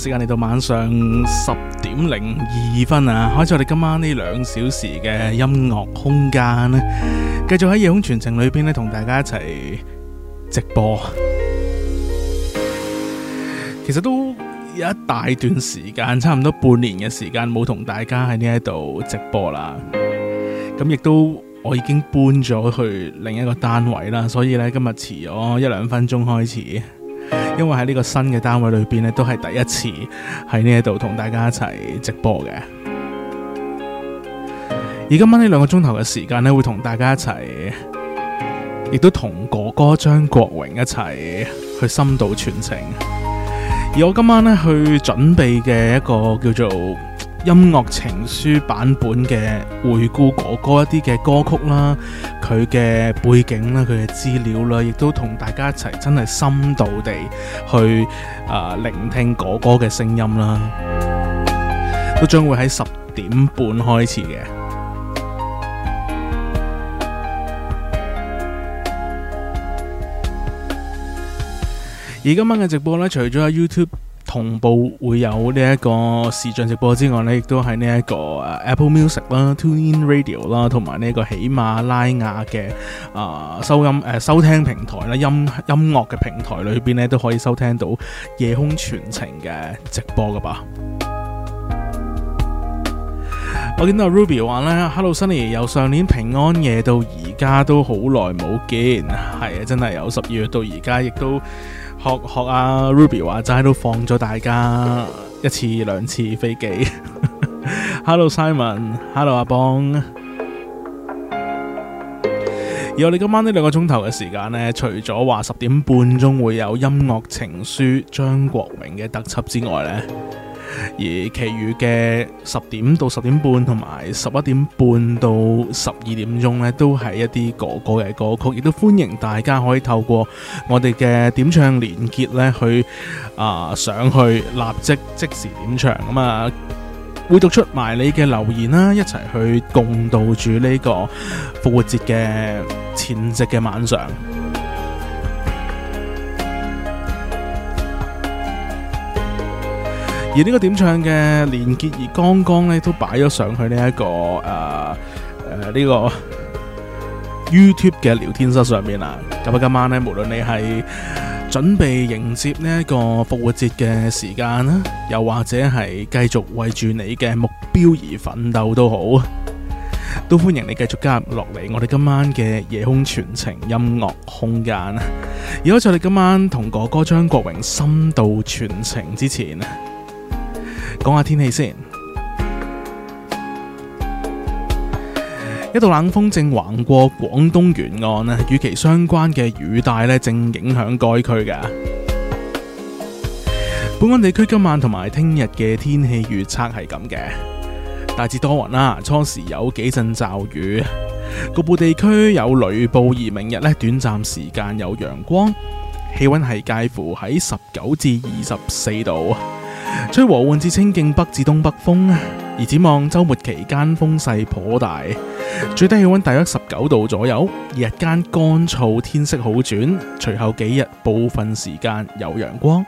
時間嚟到晚上十點零二分啊，開始我哋今晚呢兩小時嘅音樂空間呢，繼續喺夜空傳情裏邊呢，同大家一齊直播。其實都有一大段時間，差唔多半年嘅時間冇同大家喺呢一度直播啦。咁亦都我已經搬咗去另一個單位啦，所以呢，今日遲咗一兩分鐘開始。因為喺呢個新嘅單位裏邊咧，都係第一次喺呢一度同大家一齊直播嘅。而今晚呢兩個鐘頭嘅時間咧，會同大家一齊，亦都同哥哥張國榮一齊去深度傳情。而我今晚咧去準備嘅一個叫做。音樂情書版本嘅回顧，哥哥一啲嘅歌曲啦，佢嘅背景啦，佢嘅資料啦，亦都同大家一齊真係深度地去、呃、聆聽哥哥嘅聲音啦，都將會喺十點半開始嘅。而今晚嘅直播呢，除咗喺 YouTube。同步會有呢一個視像直播之外呢，亦都喺呢一個 Apple Music 啦、 TuneIn Radio 啦，同埋呢個喜馬拉雅嘅啊、呃、收音誒、呃、收聽平台咧，音音樂嘅平台裏邊呢都可以收聽到夜空全程嘅直播噶吧。 我見到 Ruby 話呢 Hello Sunny，由上年平安夜到而家都好耐冇見。係啊，真係有十二月到而家亦都。學學阿、啊、Ruby 話齋都放咗大家一次兩次飛機 ，Hello Simon，Hello 阿邦。 而我哋今晚呢兩個鐘頭嘅時間呢，除咗話十點半鐘會有音樂情書張國榮嘅特輯之外呢。而其餘嘅十點到十點半，同埋十一點半到十二點鐘咧，都係一啲哥哥嘅歌曲，亦都歡迎大家可以透過我哋嘅點唱連結呢去啊、呃、上去立即即時點唱，咁啊會讀出埋你嘅留言啦，一齊去共度住呢個復活節嘅前夕嘅晚上。而呢個點唱嘅連結而剛剛呢，都擺咗上去呢、這、一個誒誒呢個 YouTube 嘅聊天室上面啦。咁啊今晚呢，無論你係準備迎接呢一個復活節嘅時間啦，又或者係繼續為住你嘅目標而奮鬥都好，都歡迎你繼續加入落嚟我哋今晚嘅夜空傳情音樂空間。而我在你今晚同哥哥張國榮深度傳情之前。講下天氣先，一道冷風正橫過廣東沿岸啊，與其相關嘅雨帶呢正影響該區嘅。本港地區今晚同埋聽日嘅天氣預測係咁嘅，大致多雲啦，啊，初時有幾陣驟雨，局部地區有雷暴，而明日呢短暫時間有陽光，氣溫係介乎喺十九至二十四度。吹和緩至清勁北至東北風，而展望周末期間風勢頗大，最低氣溫大約十九度左右，日間乾燥，天色好轉，隨後幾日部分時間有陽光。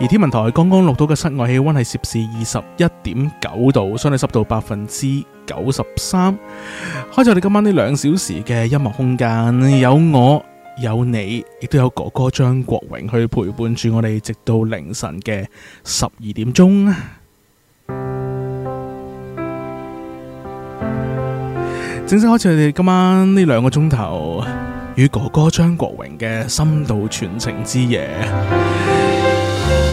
而天文台剛剛錄到嘅室外氣溫係攝氏二十一點九度，相對濕度百分之九十三。開咗你今晚呢兩小時嘅音樂空間，有我。有你，亦都有哥哥張國榮去陪伴住我哋，直到凌晨嘅十二點鐘。正式開始我哋今晚呢兩個鐘頭與哥哥張國榮嘅深度傳情之夜。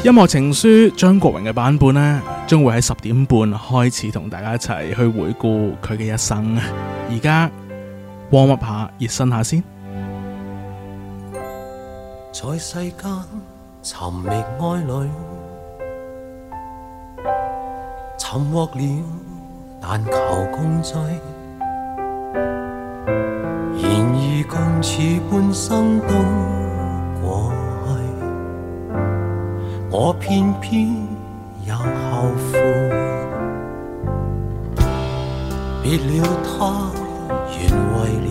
音樂情書張國榮嘅版本呢，將會喺十點半開始同大家一齊去回顧佢嘅一生。現在，而家 warm up 一下，熱身一下先。在世間尋覓愛侶，尋獲了，但求共聚。然而共此半生都過去，我偏偏又後悔，別了他，原為了。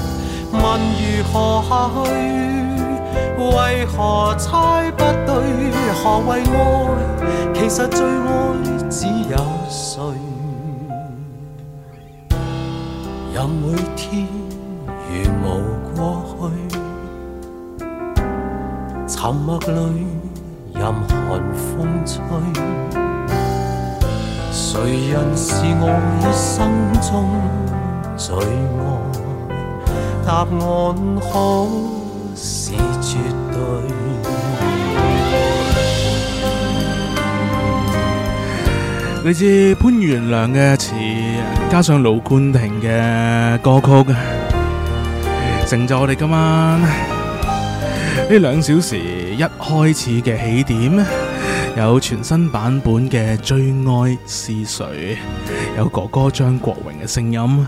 問如何下去？為何猜不對？何謂愛？其實最愛只有誰？任每天如霧過去，沉默裏任寒風吹。誰人是我一生中最愛？答案可是絕對。你知潘源良嘅詞，加上盧冠廷嘅歌曲，成就我哋今晚呢兩小時一開始嘅起點。有全新版本嘅《最愛是誰》，有哥哥張國榮嘅聲音。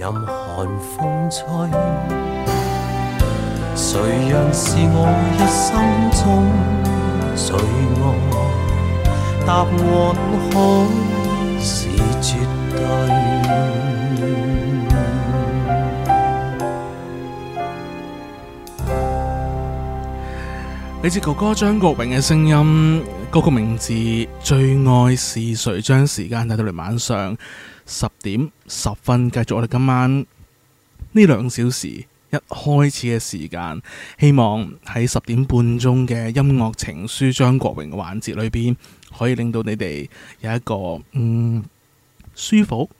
你知哥哥張國榮嘅聲音，嗰個名字《最愛是誰》，將時間帶到嚟晚上。十點十分，繼續我哋今晚呢兩小時一開始嘅時間，希望喺十點半鐘嘅音樂情書張國榮嘅環節裏邊，可以令到你哋有一個嗯舒服、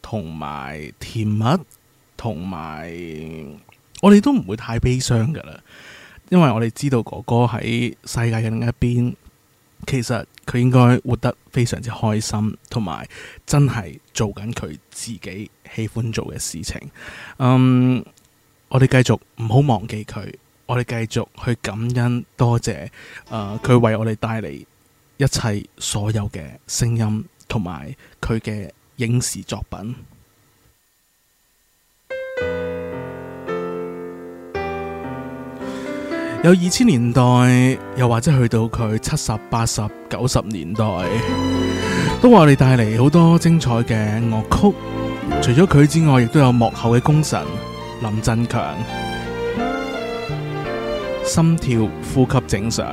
同埋甜蜜，同埋我哋都唔會太悲傷噶啦，因為我哋知道哥哥喺世界嘅另一邊。其實佢應該活得非常之開心，同埋真係做緊佢自己喜歡做嘅事情。嗯，我哋繼續唔好忘記佢，我哋繼續去感恩多謝，呃、佢為我哋帶嚟一切所有嘅聲音同埋佢嘅影視作品。有二千年代，又或者去到佢七十、八十、九十年代，都為我哋帶嚟好多精彩嘅樂曲。除咗佢之外，亦都有幕後嘅功臣林振強。心跳呼吸正常，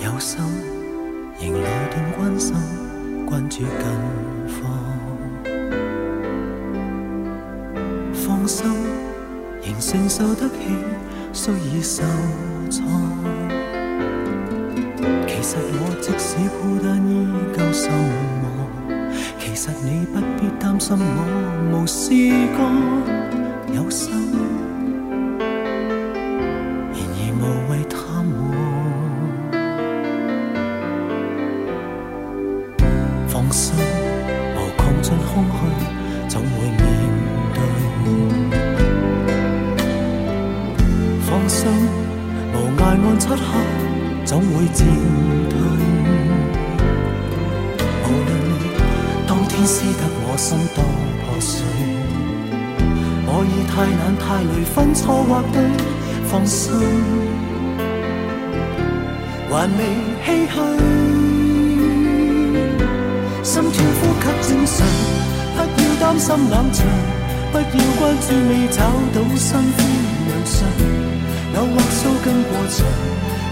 有心仍來段關心，關注緊。承受得起，需已受創。其實我即使孤單，依舊受忙。其實你不必擔心我，無事過有心。無涯岸漆黑，總會漸退。無論你當天撕得我心多破碎，我已太懶太累分錯或對，放心，還未唏嘘。心跳呼吸，正常，不要擔心冷場，不要關注未找到新歡良辰。那鬍鬚根過長，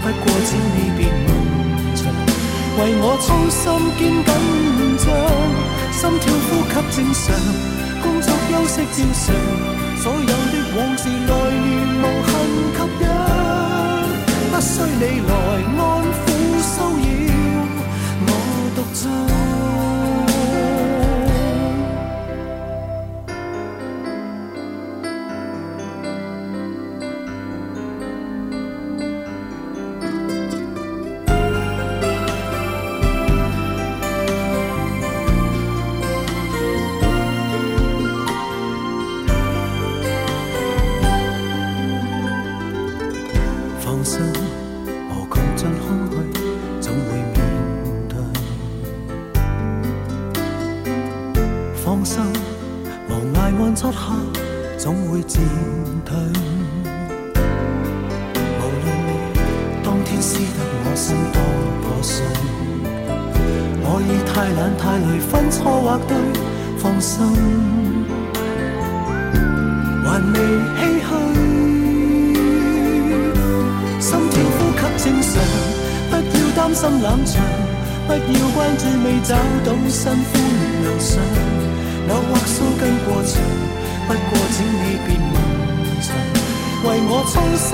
不過請你別問長。為我操心兼緊張，心跳呼吸正常，工作休息正常，所有的往事來年無痕吸引，不需你來安撫騷擾，我獨站。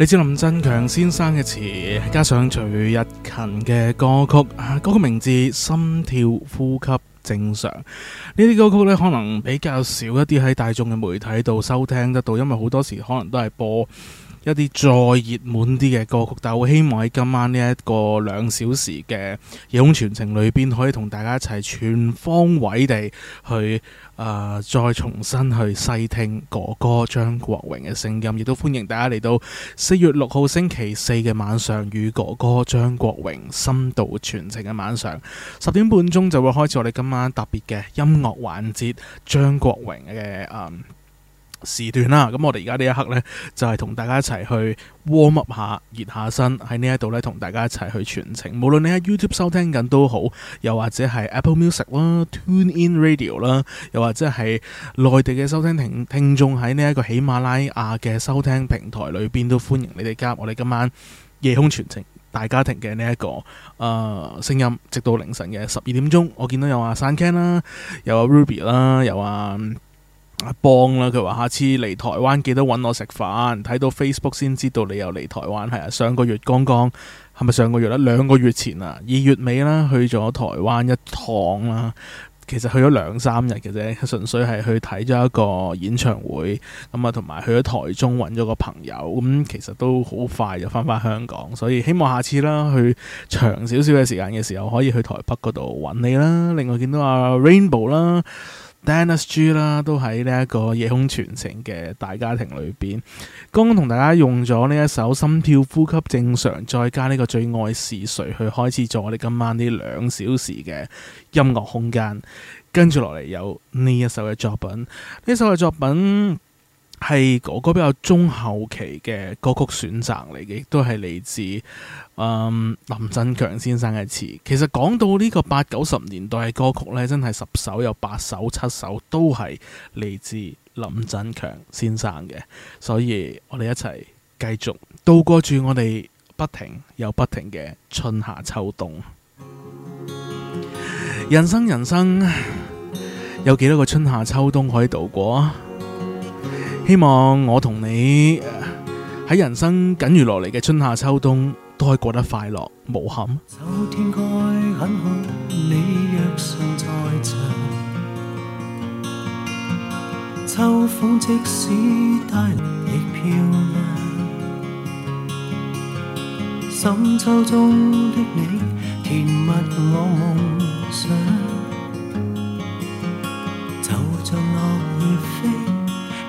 你知林振強先生嘅詞，加上徐日勤嘅歌曲，啊，嗰個名字《心跳呼吸正常》。呢啲歌曲可能比較少一啲喺大眾嘅媒體度收聽得到，因為好多時可能都係播。一啲再熱門啲嘅歌曲，但我希望喺今晚呢一個兩小時嘅夜空傳情裏面，可以同大家一齊全方位地去、呃、再重新去細聽哥哥張國榮嘅聲音，亦都歡迎大家嚟到四月六號星期四嘅晚上與哥哥張國榮深度傳情嘅晚上，十點半鐘就會開始我哋今晚特別嘅音樂環節張國榮嘅時段啦，咁我哋而家呢一刻呢，就係、是、同大家一齊去 warm up 下，熱下身喺呢一度呢，同大家一齊去傳情。無論你喺 YouTube 收聽緊都好，又或者係 Apple Music 啦、Tune In Radio 啦，又或者係內地嘅收聽聽聽眾喺呢一個喜馬拉雅嘅收聽平台裏邊，都歡迎你哋加入我哋今晚夜空傳情大家庭嘅呢一個誒、呃、聲音，直到凌晨嘅十二點鐘。我見到有阿、啊、San Ken 啦，有阿、啊、Ruby 啦，有阿、啊。阿邦啦，佢話下次嚟台灣記得揾我食飯。睇到 Facebook 先知道你又嚟台灣，係啊，上個月剛剛係咪上個月咧？兩個月前啊，二月尾啦，去咗台灣一趟啦。其實去咗兩三日嘅啫，純粹係去睇咗一個演唱會。咁啊，同埋去咗台中揾咗個朋友。咁其實都好快就翻返香港，所以希望下次啦，去長少少嘅時間嘅時候，可以去台北嗰度揾你啦。另外見到阿 Rainbow 啦。Dennis G 啦，都喺呢一個夜空傳情嘅大家庭裏邊，剛剛同大家用咗呢一首心跳呼吸正常，再加呢個最愛是誰去開始咗我哋今晚呢兩小時嘅音樂空間，跟住落嚟有呢一首嘅作品，呢首嘅作品。係嗰個比較中後期嘅歌曲選擇嚟嘅，都係嚟自、嗯，林振強先生嘅詞。其實講到呢個八九十年代嘅歌曲呢，真係十首有八首、七首都係嚟自林振強先生嘅。所以我哋一齊繼續度過住我哋不停又不停嘅春夏秋冬。人生，人生，人生有幾多個春夏秋冬可以度過啊？希望我同你喺人生緊如落嚟嘅春夏秋冬，都可以過得快樂無憾。秋天該很好，你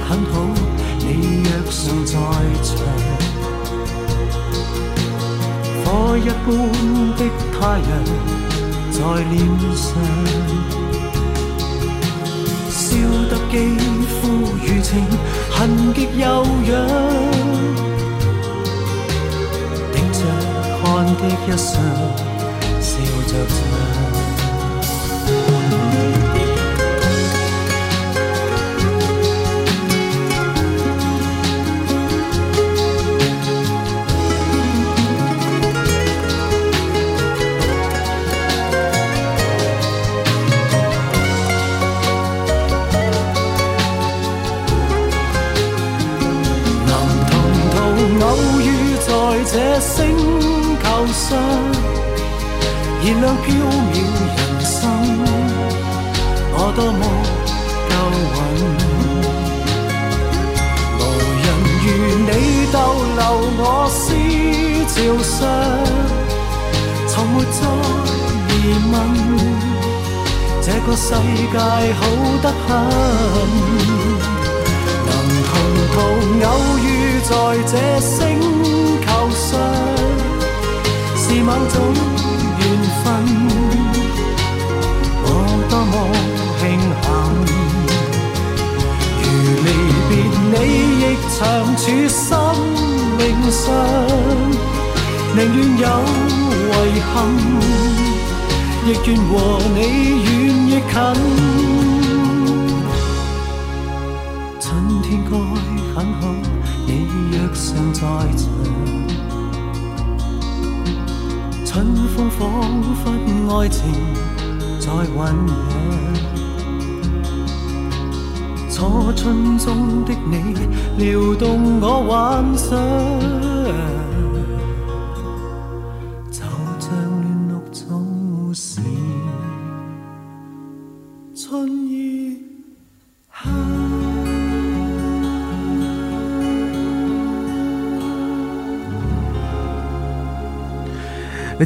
很好，你若尚在場，火一般的太陽在臉上，燒得肌膚如情，痕極又癢，頂着汗的一雙。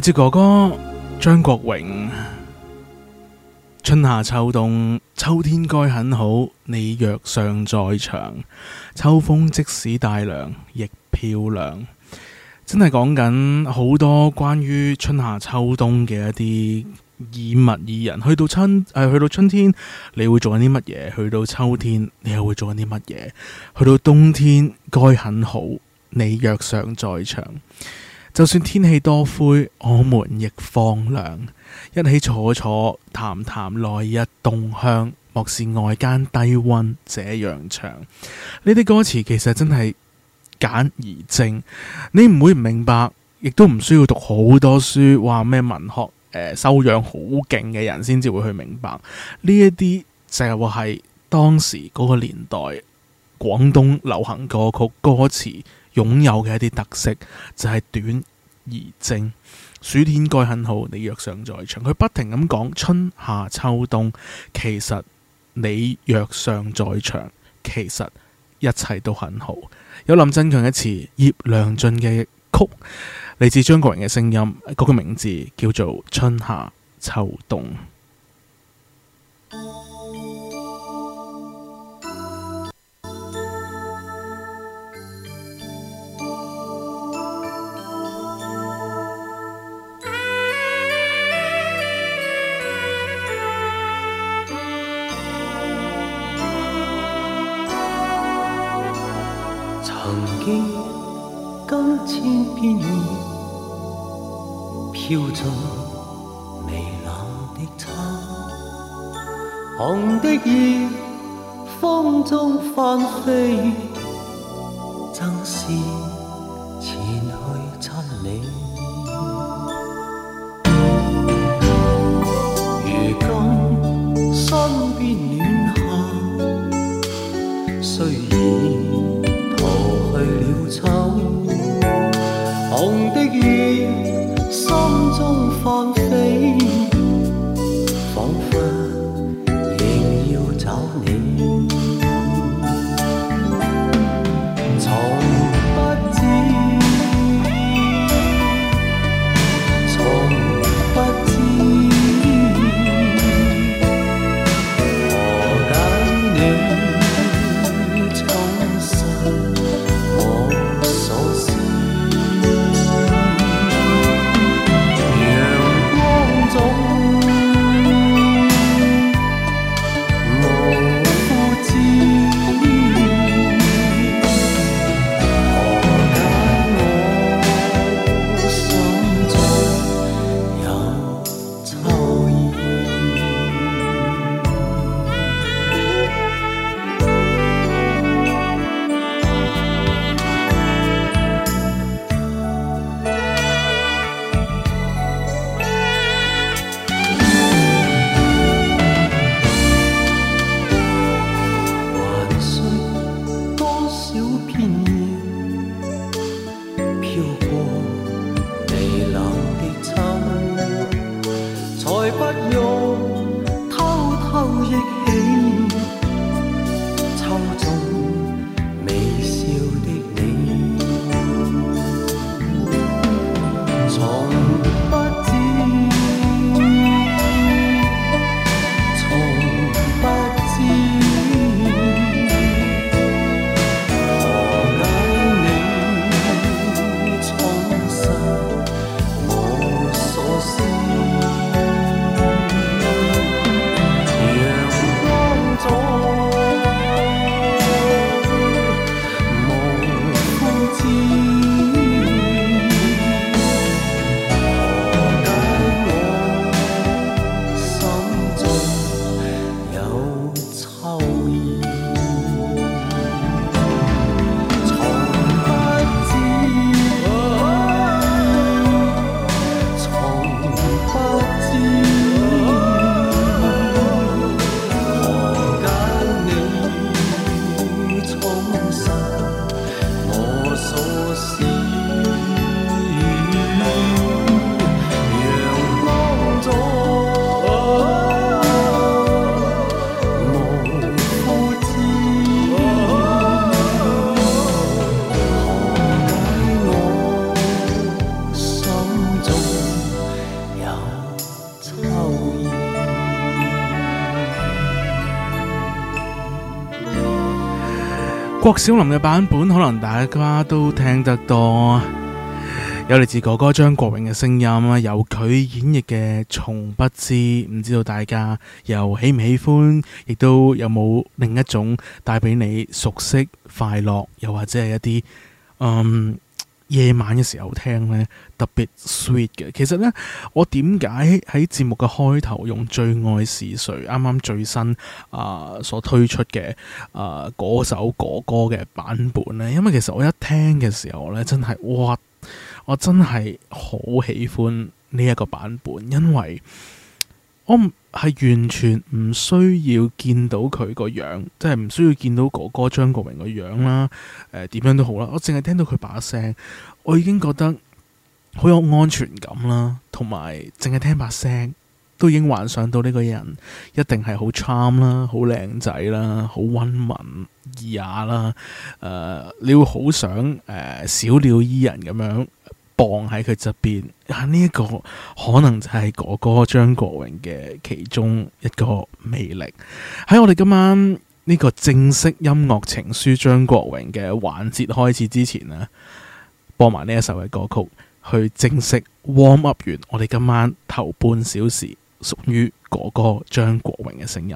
哲哥哥張國榮，春夏秋冬，秋天該很好，你若尚在場，秋風即使帶涼亦漂亮。真係講緊好多關於春夏秋冬嘅一啲以物以人。去到春誒、啊，去到春天，你會做緊啲乜嘢？去到秋天，你又會做緊啲乜嘢？去到冬天，該很好，你若尚在場。就算天氣多灰，我們亦放涼，一起坐坐談談來日動向，莫視外間低溫這樣長。呢啲歌詞其實真係簡而精，你唔會唔明白，亦都唔需要讀好多書，話咩文學誒、呃、修養好勁嘅人先至會去明白呢一啲，這些就係當時嗰個年代廣東流行歌曲歌詞。擁有嘅一啲特色就係、是、短而正，暑天該很好。你若尚在場，佢不停咁講春夏秋冬。其實你若尚在場，其實一切都很好。有林振強嘅詞，葉良俊嘅曲，嚟自張國榮嘅聲音，嗰、那個名字叫做《春夏秋冬》。嗯。記，今天變熱，飄進微冷的秋，紅的葉風中翻飛，正是。郭小林嘅版本可能大家都聽得多，有嚟自哥哥張國榮嘅聲音啊，由佢演繹嘅《從不知》，唔知道大家又喜唔喜歡，亦都有冇另一種帶俾你熟悉快樂，又或者係一啲嗯夜晚嘅時候聽呢？特別 sweet 嘅，其實呢，我點解喺節目嘅開頭用《最愛是誰》啱啱最新啊、呃、所推出嘅啊嗰首哥哥嘅、呃、版本呢？因為其實我一聽嘅時候呢，真係哇，我真係好喜歡呢一個版本，因為我係完全唔需要見到佢個樣，即係唔需要見到哥哥張國榮個樣啦，誒、呃、點樣都好啦，我淨係聽到佢把聲，我已經覺得。好有安全感啦，同埋淨係聽把聲都已經幻想到呢個人一定係好 charm 啦，好靚仔啦，好溫文爾雅啦。誒，你會好想誒、呃、小鳥依人咁樣傍喺佢側邊。呢一、呢個可能就係哥哥張國榮嘅其中一個魅力。喺我哋今晚呢、呢個正式音樂情書張國榮嘅環節開始之前呢，播埋呢一首嘅歌曲。去正式 warm up 完，我哋今晚頭半小時屬於哥哥張國榮嘅聲音。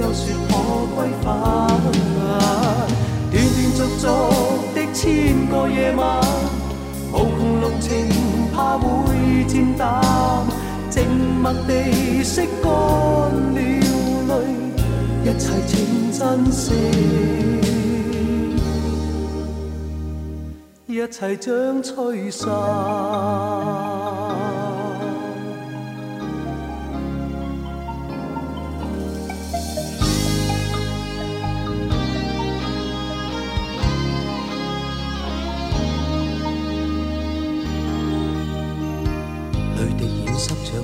又說可歸返，斷斷續續的千個夜晚，無窮濃情怕會漸淡，靜默地拭乾了淚，一切請珍惜，一切將吹散。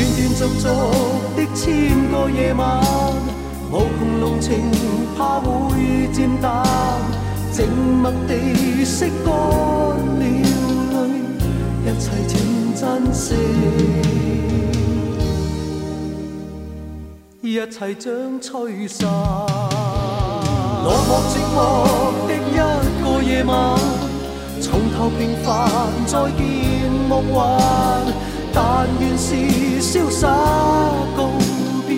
斷斷續續的千個夜晚，無窮濃情怕會漸淡，靜默地拭乾了淚，一切請珍惜，一切將吹散。落寞 寂寞的一個夜晚，重頭平凡再見夢幻。但願是瀟灑告別，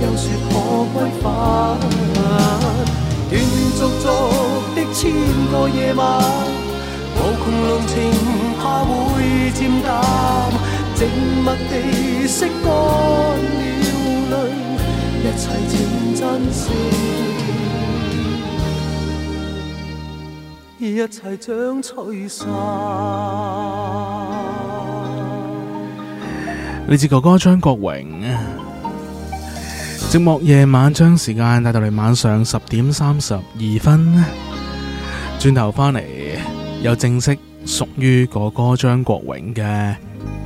休説可歸返。斷斷續續的千個夜晚，無窮濃情怕會漸淡。靜默地拭乾了淚，一切請珍惜，一切將吹散。你知哥哥張國榮啊，寂寞夜晚將時間帶到嚟晚上十點三十二分，轉頭返嚟，有正式屬於哥哥張國榮嘅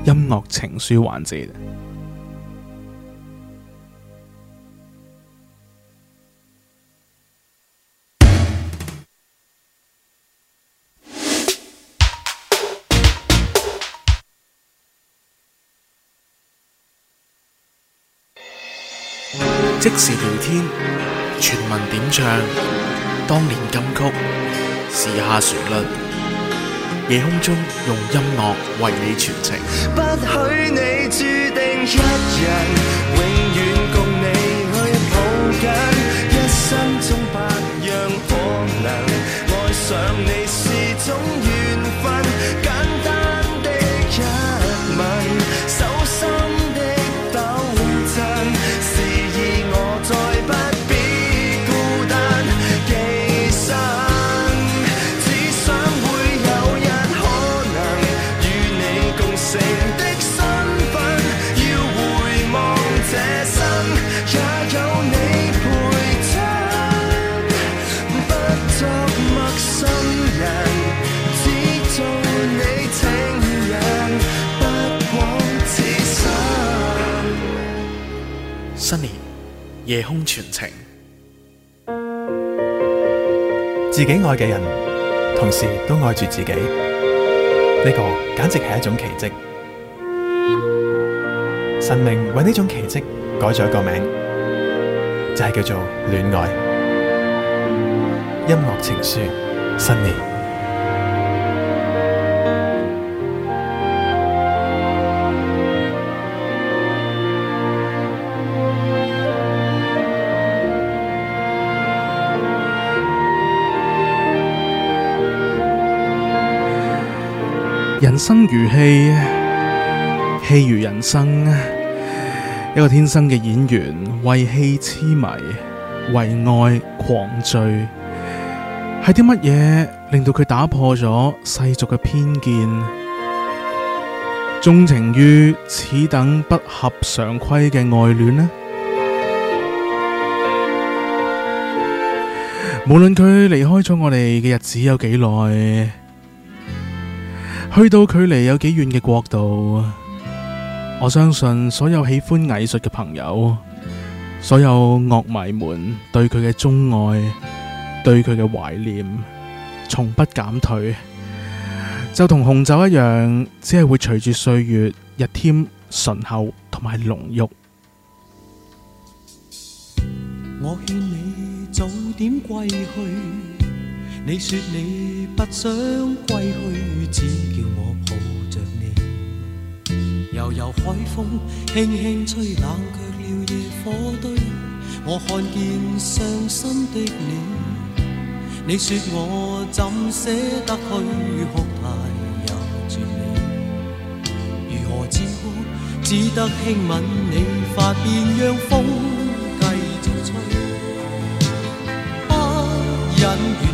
音樂情書環節。即時聊天，全民點唱，當年金曲，時下旋律，夜空中用音樂為你傳情。不許你注定一人。夜空傳情，自己愛嘅人，同時都愛住自己，呢、這個簡直係一種奇蹟。神明為呢種奇蹟改咗一個名，就係、是、叫做戀愛。音樂情書，新年。人生如戲，戲如人生。一個天生嘅演員，為戲癡迷，為愛狂醉。係啲乜嘢令到佢打破咗世俗嘅偏見，鍾情於此等不合常規嘅愛戀呢？無論佢離開咗我哋嘅日子有幾耐，去到距離有幾遠嘅國度，我相信所有喜歡藝術嘅朋友，所有樂迷們對佢嘅鍾愛，對佢嘅懷念，從不減退，就同紅酒一樣，只係會隨住歲月日添醇厚同埋濃郁。我勸你早點歸去。你說你不想歸去，只叫我抱着你。悠悠海風輕輕吹，冷卻了野火堆。我看見傷心的你。你說我怎捨得去哭態亦絕美。如何止哭？只得輕吻你髮邊，讓風繼續吹。不、啊、忍。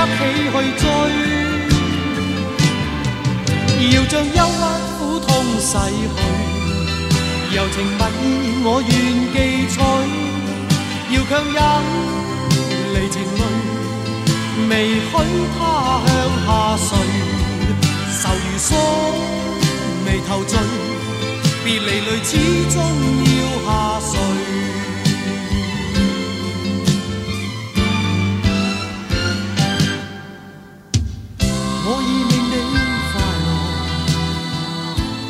一起去追，要將憂鬱、苦痛洗去。柔情蜜意，我願記取。要強忍離情淚，未許它向下垂。愁如鎖，眉頭聚，別離淚始終要下垂。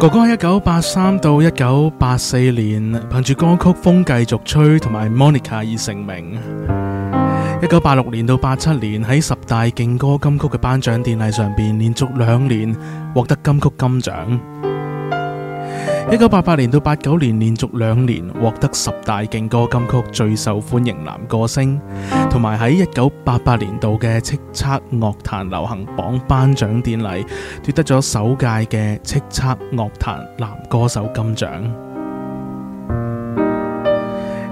哥哥喺一九八三到一九八四年，憑住歌曲《風繼續吹》同埋《Monica》而成名。一九八六年到八七年，喺十大勁歌金曲嘅頒獎典禮上邊，連續兩年獲得金曲金獎。一九八八年到八九年連續兩年獲得十大勁歌金曲最受歡迎男歌星，同埋喺一九八八年度嘅叱咤樂壇流行榜頒獎典禮奪得咗首屆嘅叱咤樂壇男歌手金獎。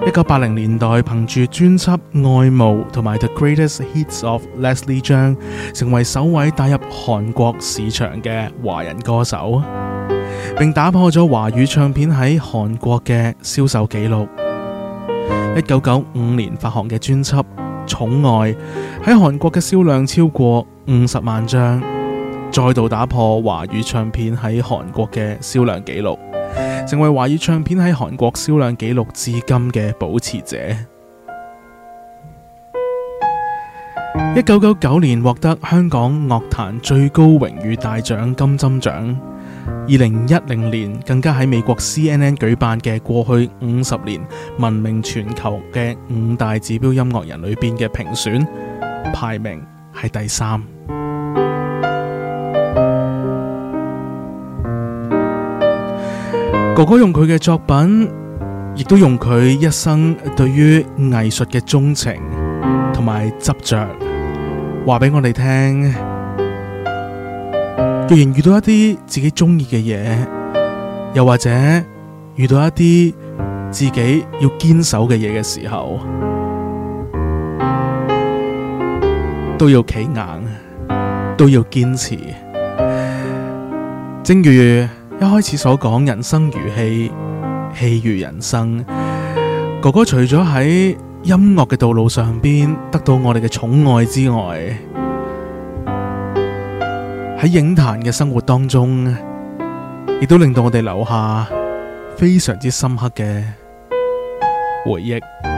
一九八零年代憑住專輯《愛慕》同埋《The Greatest Hits of Leslie》張，成為首位打入韓國市場嘅華人歌手。並打破咗華語唱片喺韓國嘅銷售紀錄。一九九五年發行嘅專輯《寵愛》喺韓國嘅銷量超過五十萬張，再度打破華語唱片喺韓國嘅銷量紀錄，成為華語唱片喺韓國銷量紀錄至今嘅保持者。一九九九年獲得香港樂壇最高榮譽大獎金針獎。二零一零年，更加喺美國 CNN 舉辦嘅過去五十年聞名全球嘅五大指標音樂人裏邊嘅評選，排名係第三。哥哥用佢嘅作品，亦都用佢一生對於藝術嘅鍾情同埋執着，話俾我哋聽。若然遇到一啲自己中意嘅嘢，又或者遇到一啲自己要堅守嘅嘢嘅時候，都要企硬，都要堅持。正如一開始所講，人生如戲，戲如人生。哥哥除咗喺音樂嘅道路上邊得到我哋嘅寵愛之外，喺影壇嘅生活當中，亦都令到我哋留下非常之深刻嘅回憶。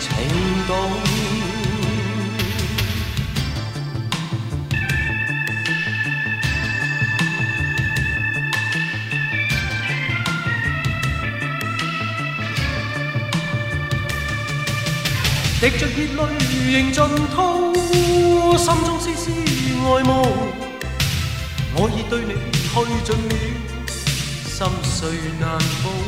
情動，滴着熱淚仍盡痛心中絲絲愛慕，我已對你退盡了，心碎難過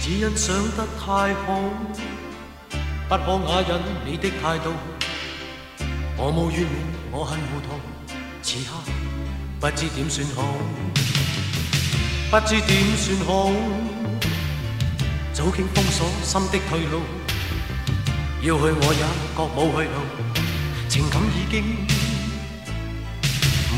只因想得太好，不可啞忍。你的態度。我無怨我，無恨我無痛。此刻不知點算好，不知點算好。早經封鎖心的退路，要去我也覺無去路，情感已經。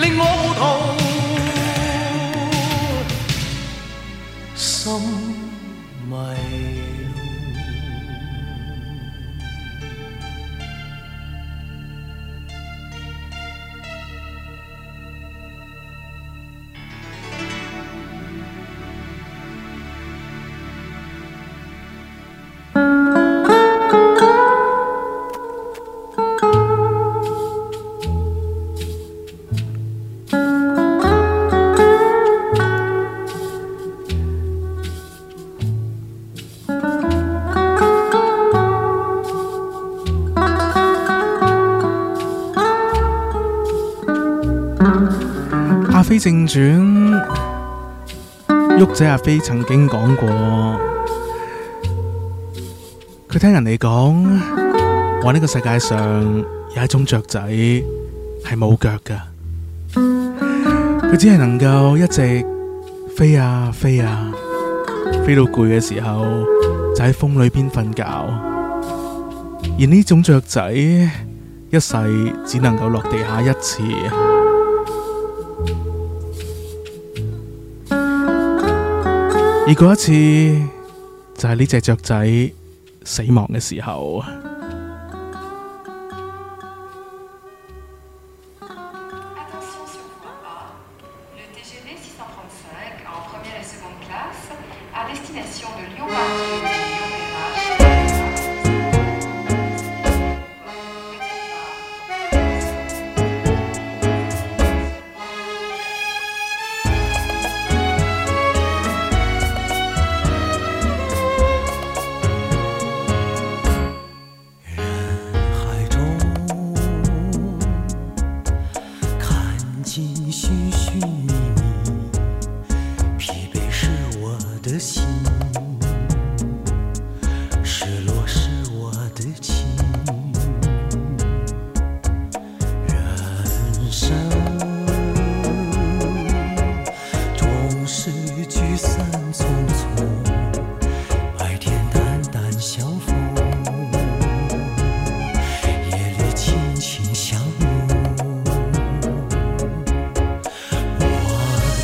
令我糊塗。轉，旭仔阿飛曾經講過，佢聽人哋講，話呢個世界上有一種雀仔係冇腳嘅，佢只係能夠一直飛啊飛啊，飛到攰嘅時候就喺風裏邊瞓覺，而呢種雀仔一世只能夠落地下一次。而嗰一次，就係呢隻雀仔死亡嘅時候。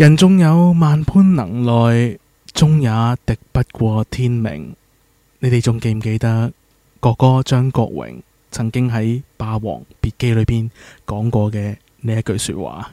人縱有萬般能耐，終也敵不過天命。你哋仲記唔記得哥哥張國榮曾經喺《霸王別姬》裏邊講過嘅呢一句說話？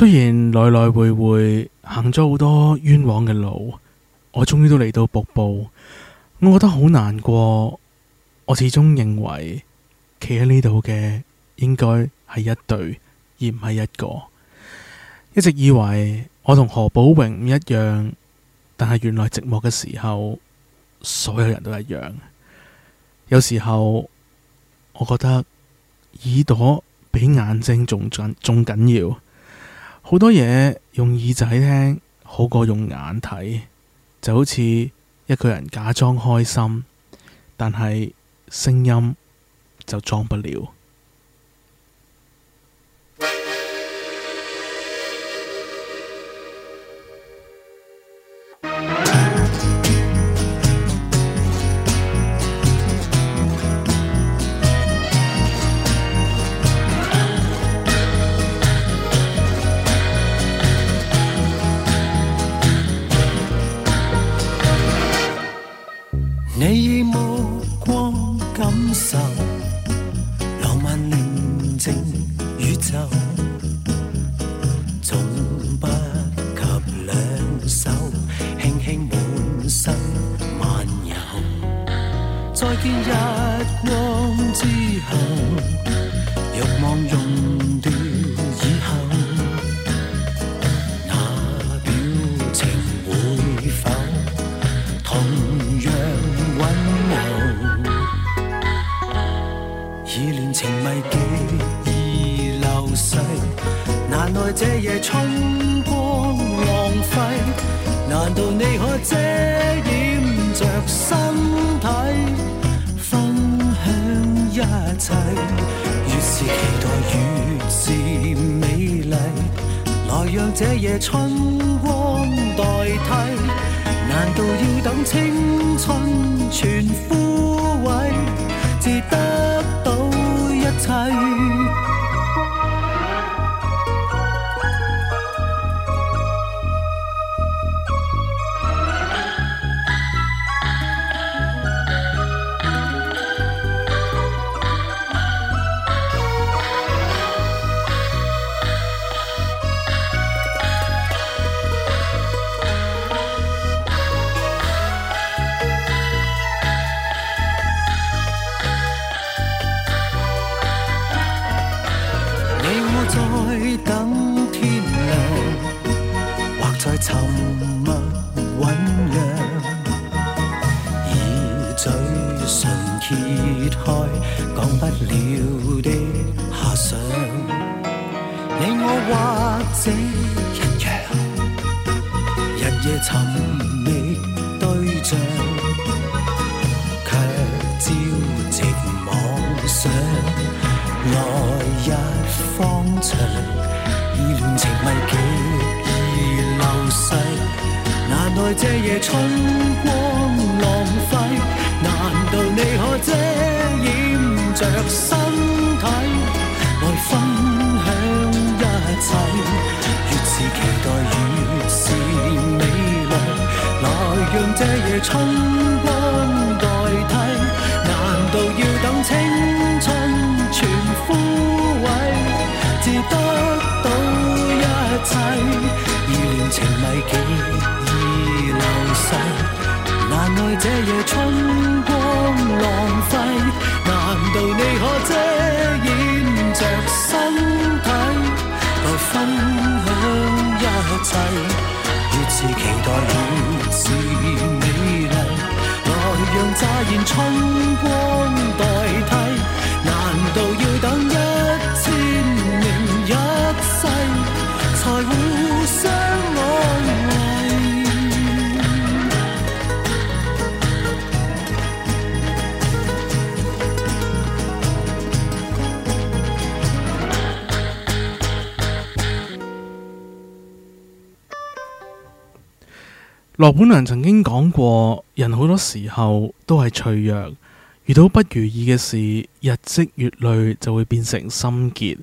雖然來來回回行咗好多冤枉嘅路，我終於都嚟到瀑布，我覺得好難過。我始終認為企喺呢度嘅應該係一對，而唔係一個。一直以為我同何寶榮唔一樣，但係原來寂寞嘅時候，所有人都一樣。有時候我覺得耳朵比眼睛仲緊仲緊要。好多嘢用耳仔聽好過用眼睇，就好似一個人假裝開心，但係聲音就裝不了。一切，意亂情迷，極易流逝，難耐這夜春光浪費。難道你可遮掩着身體，來分享一切？越是期待，越是美麗。來讓乍現春光代替，難道要等一次？羅本良曾經講過，人好多時候都係脆弱，遇到不如意嘅事，日積月累就會變成心結。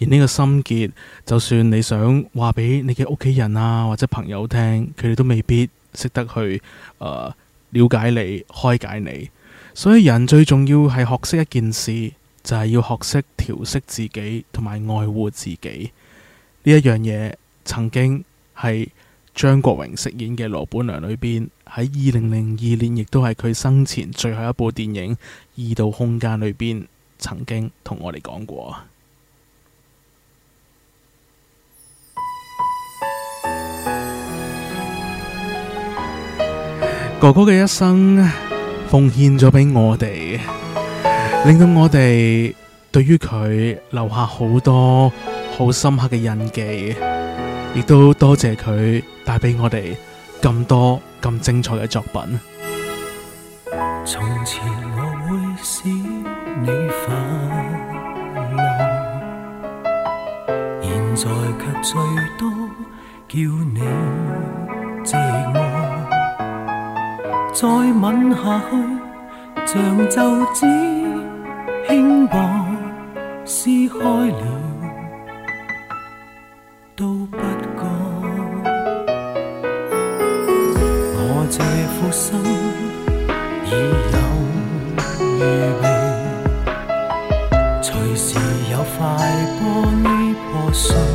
而呢個心結，就算你想話俾你嘅屋企人啊，或者朋友聽，佢哋都未必識得去誒呃、瞭解你、開解你。所以人最重要係學識一件事，就係要學識調適自己同埋愛護自己。呢一樣嘢曾經係張國榮飾演嘅羅本良裏邊，喺二零零二年，亦都係佢生前最後一部電影《異度空間》裏邊，曾經同我哋講過。哥哥嘅一生奉獻咗俾我哋，令到我哋對於佢留下好多好深刻嘅印記，亦都謝謝他多謝佢帶俾我哋咁多咁精彩嘅作品。從前我會使你快樂，現在卻最多叫你寂寞。再吻下去，像皺紙輕薄，撕開了都不覺。我這苦心已有預備，隨時有塊玻璃破碎。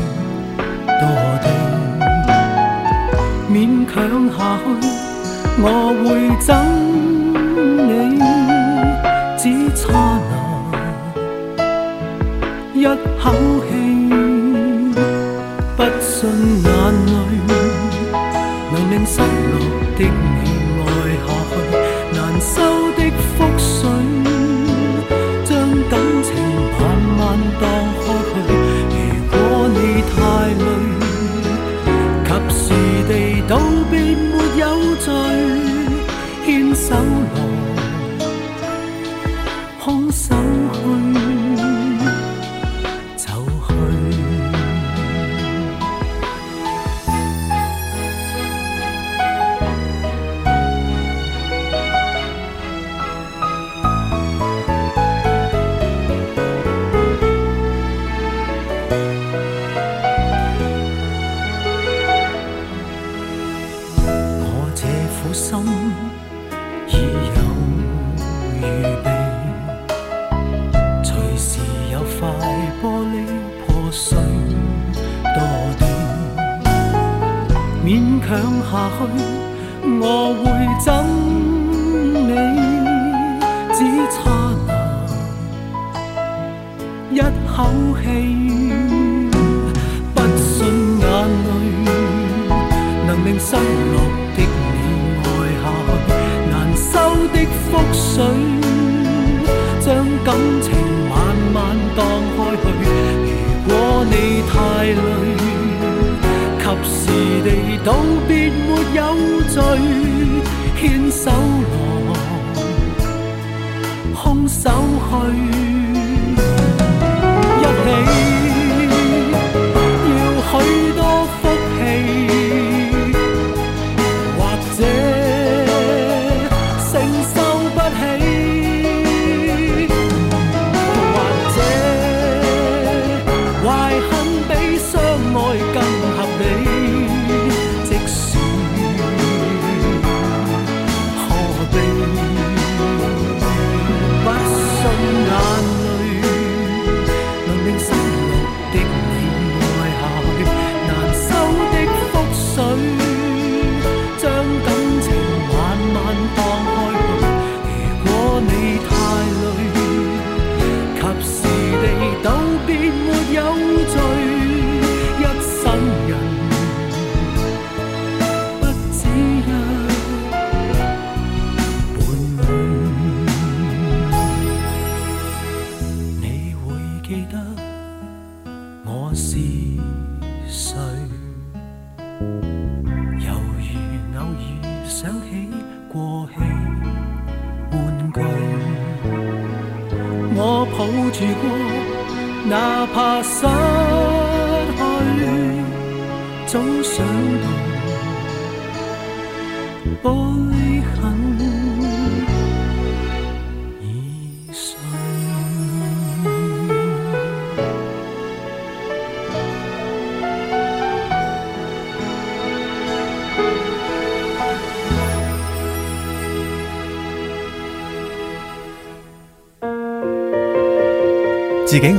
我會憎你，只差那，一口氣，不信眼淚能令失落的。想下去，我會憎你，只差那一口氣。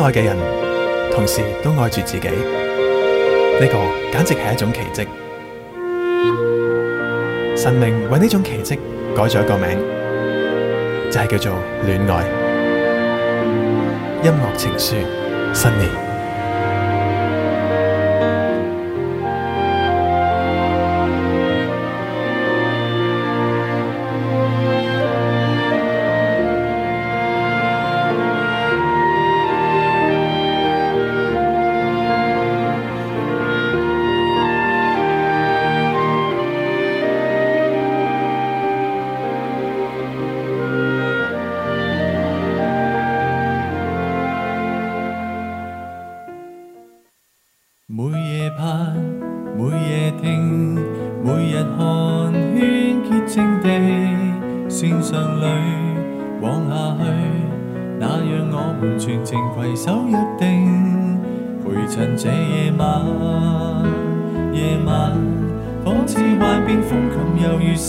愛嘅人，同時都愛住自己，呢、這個簡直係一種奇蹟。神明為呢種奇蹟改咗一個名，就係、是、叫做戀愛。音樂情書，Sunny。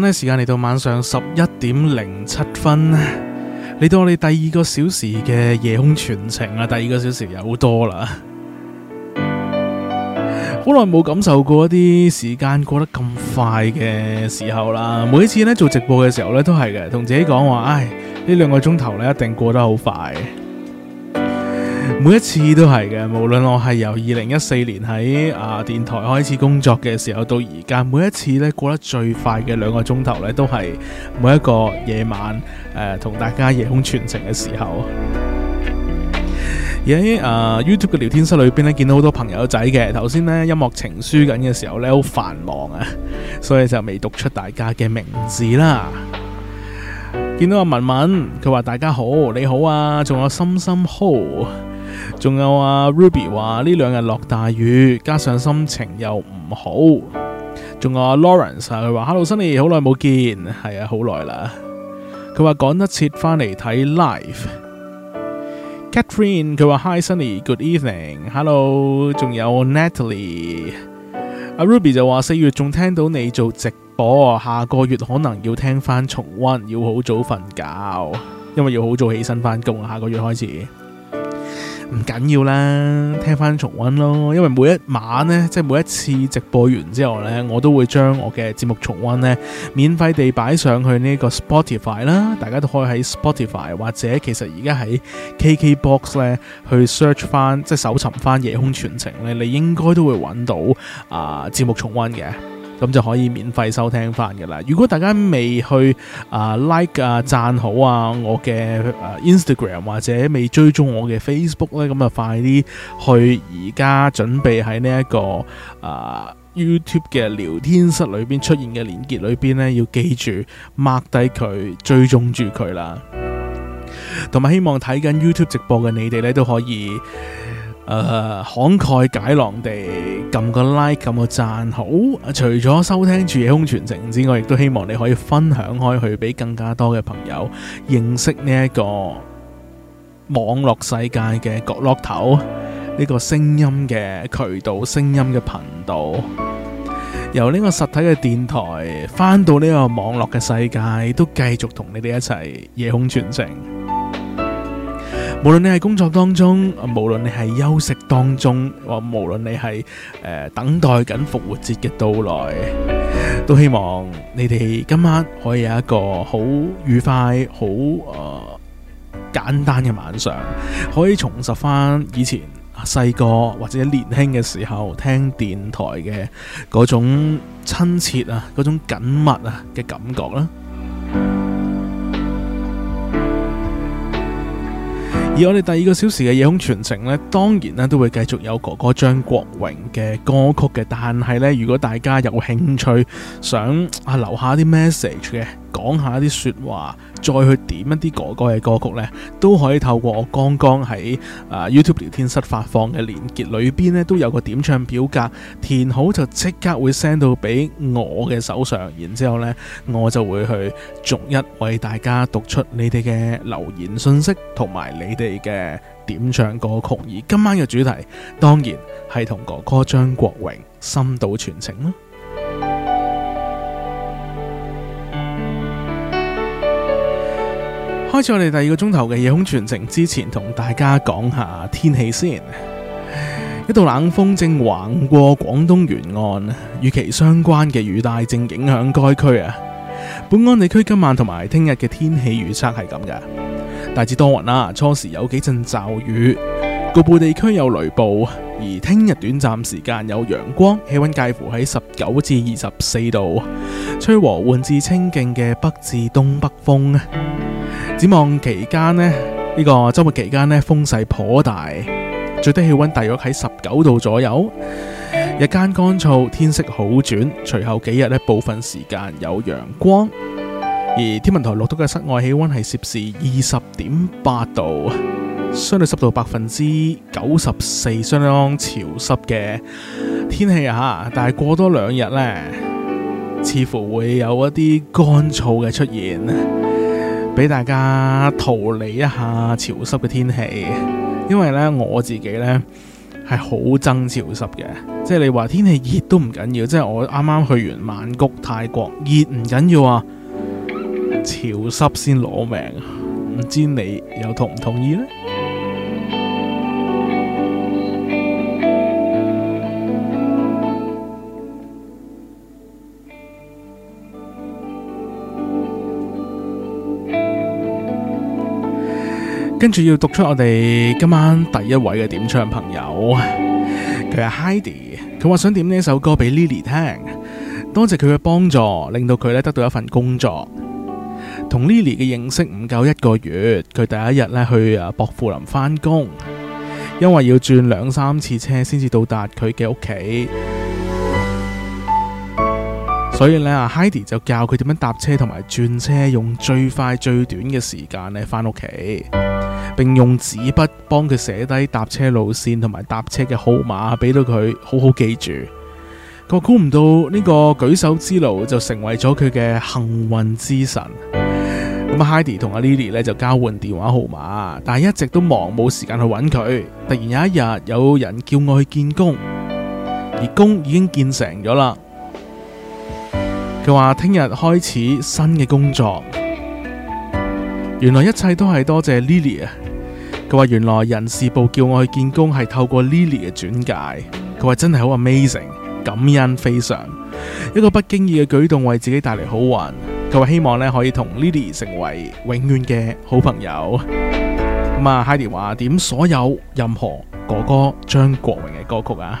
呢時間嚟到晚上十一點零七分，嚟到我哋第二個小時嘅夜空傳情啦，第二個小時又好多啦，好耐冇感受過一啲時間過得咁快嘅時候啦。每次咧做直播嘅時候咧都係嘅，同自己講話，唉，呢兩個鐘頭咧一定過得好快。每一次都係嘅，無論我係由二零一四年喺啊電台開始工作嘅時候，到而家，每一次呢，過得最快嘅兩個鐘頭呢，都係每一個夜晚誒、呃、同大家夜空傳情嘅時候。而喺啊、呃、YouTube 嘅聊天室裏邊呢，見到好多朋友仔嘅。頭先呢音樂情書緊嘅時候呢，好繁忙啊，所以就未讀出大家嘅名字啦。見到阿文文，佢話大家好，你好啊，仲有心心好。仲有啊 Ruby 話呢兩日落大雨，加上心情又唔好。仲有 Lawrence 佢話：Hello Sunny，好耐冇見，係啊，好耐啦。佢話趕得切返嚟睇 live。Catherine 佢話：Hi Sunny，Good evening，Hello。仲有 Natalie，Ruby 就話：四月仲聽到你做直播，下個月可能要聽翻重溫，要好早瞓覺，因為要好早起身翻工，下個月開始。唔緊要啦，聽翻重溫咯，因為每一晚呢，即係每一次直播完之後呢，我都會將我嘅節目重溫呢，免費地擺上去呢個 Spotify 啦，大家都可以喺 Spotify 或者其實而家喺 KKBox 呢去 search 翻，即係搜尋翻夜空傳情呢，你應該都會揾到啊、呃、節目重溫嘅。咁就可以免費收聽翻嘅啦。如果大家未去啊、呃、like 啊，讚好啊我嘅、呃、Instagram 或者未追蹤我嘅 Facebook 呢，咁啊快啲去而家準備喺呢一個啊、呃、YouTube 嘅聊天室裏邊出現嘅連結裏邊呢，要記住 mark 低佢，追蹤住佢啦。同埋希望睇緊 YouTube 直播嘅你哋呢，都可以。誒，uh, 慷慨解囊地撳個 like，撳個讚，好！除咗收聽住夜空傳情之外，亦都希望你可以分享開去，俾更加多嘅朋友認識呢一個網絡世界嘅角落頭，呢個聲音嘅渠道，聲音嘅頻道，由呢個實體嘅電台翻到呢個網絡嘅世界，都繼續同你哋一齊夜空傳情。無論你係工作當中，無論你係休息當中，或無論你係誒、呃、等待緊復活節嘅到來，都希望你哋今晚可以有一個好愉快、好誒、呃、簡單嘅晚上，可以重拾返以前細個或者年輕嘅時候聽電台嘅嗰種親切啊、嗰種緊密啊嘅感覺啦、啊。而我哋第二個小時嘅夜空全程呢，當然呢都會繼續有哥哥張國榮嘅歌曲嘅，但係呢，如果大家有興趣想啊留下啲 message 嘅，講一下一啲說話，再去點一啲哥哥嘅歌曲呢，都可以透過我剛剛喺啊、呃、YouTube 聊天室發放嘅連結裏邊呢，都有個點唱表格，填好就即刻會 send 到俾我嘅手上，然之後呢我就會去逐一為大家讀出你哋嘅留言信息同埋你哋嘅點唱歌曲。而今晚嘅主題，當然係同哥哥張國榮深度傳情啦。開始我哋第二個鐘頭嘅夜空傳情之前，同大家講一下天氣先。一道冷鋒正橫過廣東沿岸，與其相關嘅雨帶正影響該區啊。本安地區今晚同埋聽日嘅天氣預測係咁嘅，大致多雲啦、啊，初時有幾陣驟雨，局部地區有雷暴，而聽日短暫時間有陽光，氣温介乎喺十九至二十四度，吹和緩至清勁嘅北至東北風。展望期間呢，呢個周末期間呢，風勢頗大，最低氣溫大約喺十九度左右。日間乾燥，天色好轉，隨後幾日呢，部分時間有陽光。而天文台錄到嘅室外氣溫係攝氏二十點八度，相對濕度百分之九十四，相當潮濕嘅天氣啊！但係過多兩日呢，似乎會有一啲乾燥嘅出現。俾大家逃離一下潮濕嘅天氣，因為呢我自己呢係好憎潮濕嘅，即係你話天氣熱都唔緊要，即係我啱啱去完曼谷泰國熱唔緊要啊，潮濕先攞命，唔知你又同唔同意呢？跟住要讀出我哋今晚第一位嘅點唱朋友，佢係 Heidi，佢話想點呢首歌俾 Lily 聽。多謝佢嘅幫助，令到佢咧得到一份工作。同 Lily 嘅認識唔夠一個月，佢第一日咧去啊薄扶林返工，因為要轉兩三次車先至到達佢嘅屋企。所以呢啊 Heidi 就教佢點樣搭車同埋轉車，用最快最短嘅時間返屋企，並用紙筆幫佢寫低搭車路綫同埋搭車嘅號碼，俾到佢好好記住。佢估唔到呢個舉手之勞就成為咗佢嘅幸運之神。咁啊 Heidi 同阿 Lily 呢就交換電話號碼，但係一直都忙冇時間去揾佢。突然有一日，有人叫我去見工，而工已經建成咗啦。佢話聽日開始新嘅工作，原來一切都係多謝 Lily 啊！佢話原來人事部叫我去見工係透過 Lily 嘅轉介，佢話真係好 amazing，感恩非常。一個不經意嘅舉動為自己帶嚟好運，佢話希望咧，可以同 Lily 成為永遠嘅好朋友。咁啊，Heidi 話點所有任何哥哥張國榮嘅歌曲啊？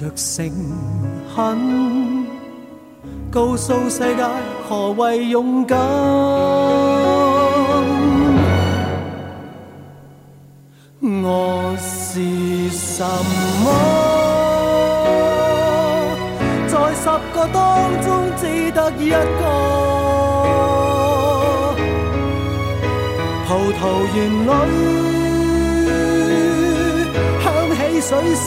着誠懇，告訴世界何謂勇敢。我是什麼？在十個當中只得一個。葡萄園裏響起水仙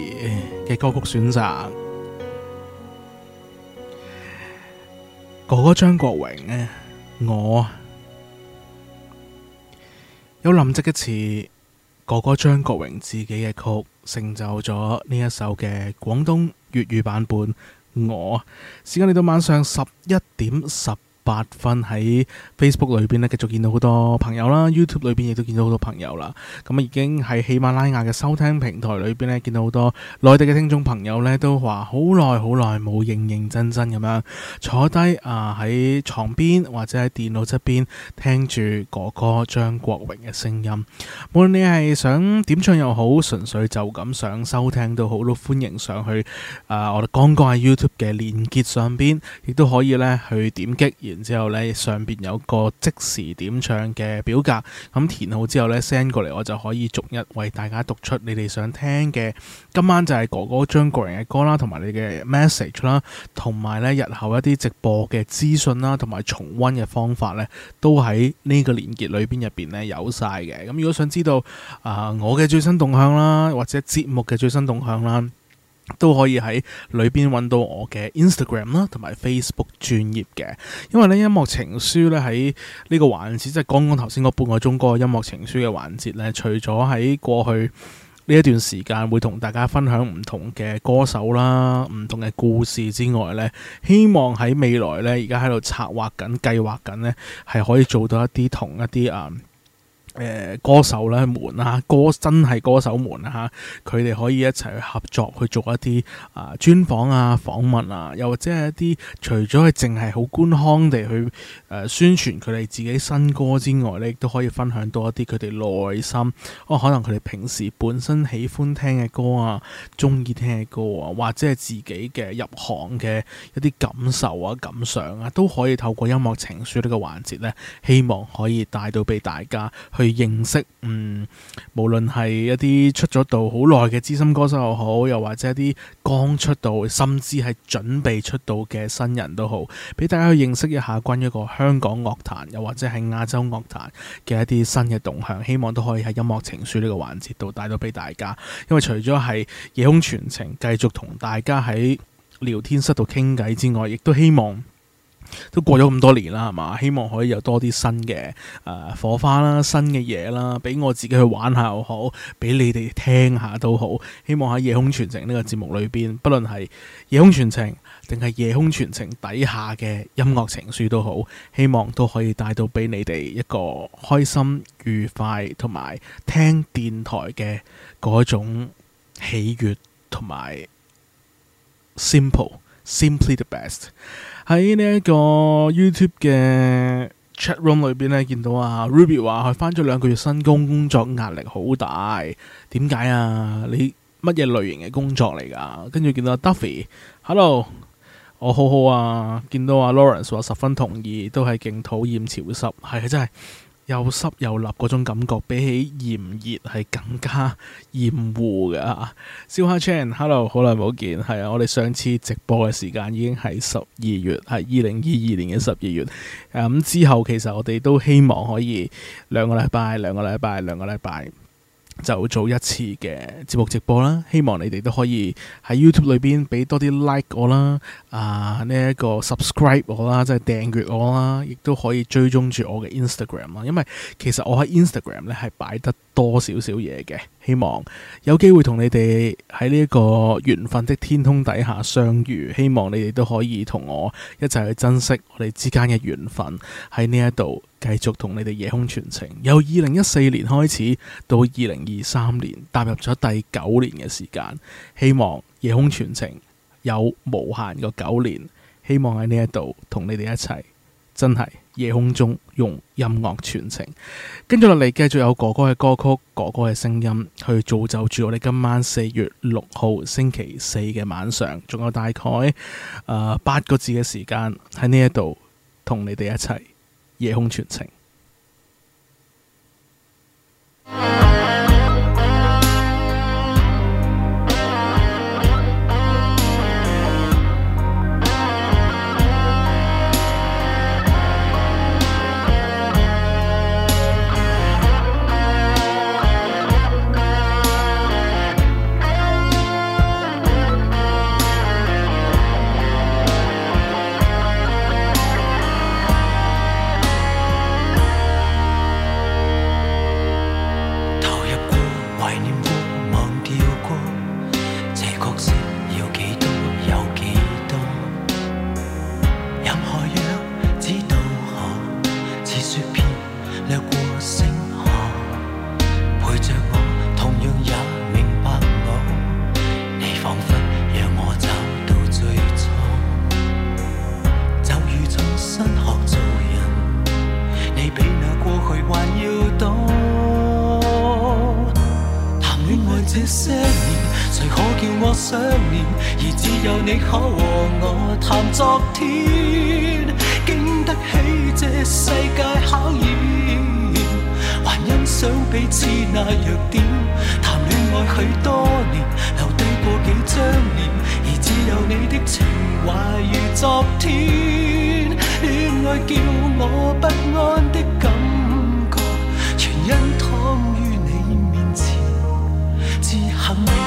歌曲選擇哥哥張國榮咧，我有林夕嘅詞，哥哥張國榮自己嘅曲，成就咗呢一首嘅廣東粵語版本。我時間嚟，到晚上十一點十分。八分喺 Facebook 裏邊咧，繼續見到好多朋友啦；YouTube 裏邊亦都見到好多朋友啦。咁啊、嗯，已經喺喜馬拉雅嘅收聽平台裏邊咧，見到好多內地嘅聽眾朋友咧，都話好耐好耐冇認認真真咁樣坐低啊，喺床邊或者喺電腦側邊聽住哥哥張國榮嘅聲音。無論你係想點唱又好，純粹就咁想收聽都好，都歡迎上去啊、呃！我哋剛剛喺 YouTube 嘅連結上邊，亦都可以咧去點擊。然之後咧，上邊有個即時點唱嘅表格，咁填好之後咧，send 過嚟我就可以逐一為大家讀出你哋想聽嘅。今晚就係哥哥張國榮嘅歌啦，同埋你嘅 message 啦，同埋咧日後一啲直播嘅資訊啦，同埋重溫嘅方法咧，都喺呢個連結裏邊入邊咧有晒嘅。咁如果想知道啊、呃，我嘅最新動向啦，或者節目嘅最新動向啦。都可以喺裏邊揾到我嘅 Instagram 啦，同埋 Facebook 專頁嘅。因為呢音樂情書呢，喺呢個環節，即係剛剛頭先嗰半個鐘嗰個音樂情書嘅環節呢，除咗喺過去呢一段時間會同大家分享唔同嘅歌手啦、唔同嘅故事之外呢，希望喺未來呢，而家喺度策劃緊、計劃緊呢，係可以做到一啲同一啲啊。歌手咧們啊，歌真係歌手們啊，佢哋可以一齊去合作去做一啲啊專訪啊訪問啊，又或者係一啲除咗佢淨係好官腔地去、啊、宣傳佢哋自己新歌之外，咧都可以分享多一啲佢哋內心，哦、啊，可能佢哋平時本身喜歡聽嘅歌啊，中意聽嘅歌啊，或者係自己嘅入行嘅一啲感受啊、感想啊，都可以透過音樂情書呢個環節咧，希望可以帶到俾大家。去認識嗯，無論係一啲出咗道好耐嘅資深歌手又好，又或者一啲剛出道，甚至係準備出道嘅新人都好，俾大家去認識一下關於一個香港樂壇，又或者係亞洲樂壇嘅一啲新嘅動向，希望都可以喺音樂情書呢個環節度帶到俾大家。因為除咗係夜空全程繼續同大家喺聊天室度傾偈之外，亦都希望。都過咗咁多年啦，係嘛？希望可以有多啲新嘅誒、呃、火花啦，新嘅嘢啦，俾我自己去玩下又好，俾你哋聽下都好。希望喺《夜空傳情》呢個節目裏邊，不論係《夜空傳情》，定係《夜空傳情》底下嘅音樂情書都好，希望都可以帶到俾你哋一個開心、愉快同埋聽電台嘅嗰種喜悅同埋 simple simply the best。喺呢一個 YouTube 嘅 Chat Room 裏邊咧，見到啊 Ruby 話佢翻咗兩個月新工，工作壓力好大。點解啊？你乜嘢類型嘅工作嚟噶？跟住見到 Duffy，Hello，我好好啊。見到啊 Lawrence 話十分同意，都係勁討厭潮濕，係啊，真係。又濕又立嗰種感覺，比起炎熱係更加厭惡嘅。燒烤 chan Hello，好耐冇見，係啊，我哋上次直播嘅時間已經係十二月，係二零二二年嘅十二月。咁、嗯、之後其實我哋都希望可以兩個禮拜，兩個禮拜，兩個禮拜。就做一次嘅節目直播啦，希望你哋都可以喺 YouTube 裏邊俾多啲 like 我啦啊，啊呢一個 subscribe 我啦，即係訂閱我啦，亦都可以追蹤住我嘅 Instagram 啦，因為其實我喺 Instagram 咧係擺得多少少嘢嘅，希望有機會同你哋喺呢一個緣分的天空底下相遇，希望你哋都可以同我一齊去珍惜我哋之間嘅緣分喺呢一度。繼續同你哋夜空傳情，由二零一四年開始到二零二三年踏入咗第九年嘅時間，希望夜空傳情有無限個九年，希望喺呢一度同你哋一齊，真係夜空中用音樂傳情。跟住落嚟繼續有哥哥嘅歌曲、哥哥嘅聲音去造就住我哋今晚四月六號星期四嘅晚上，仲有大概，呃，八個字嘅時間喺呢一度同你哋一齊。夜空傳情。昨天，戀愛叫我不安的感覺，全因躺於你面前，只恨。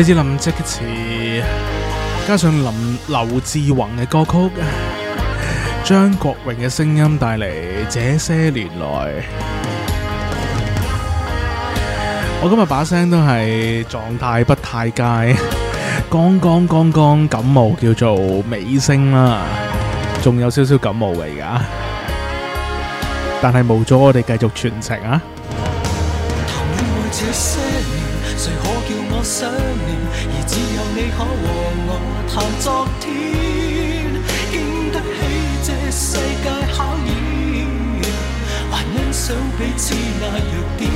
林夕嘅詞，加上林劉志宏嘅歌曲，張國榮嘅聲音帶嚟，這些年來，我今日把聲都係狀態不太佳，剛剛剛剛感冒，叫做尾聲啦，仲有少少感冒嘅，而家，但係無阻我哋繼續傳情啊！想念，而只有你可和我談昨天，經得起這世界考驗，還欣賞彼此那弱點。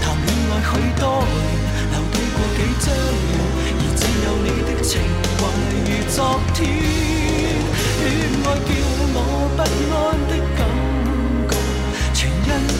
談戀愛許多年，留低過幾張臉，而只有你的情懷如昨天，戀愛叫我不安的感覺，全因。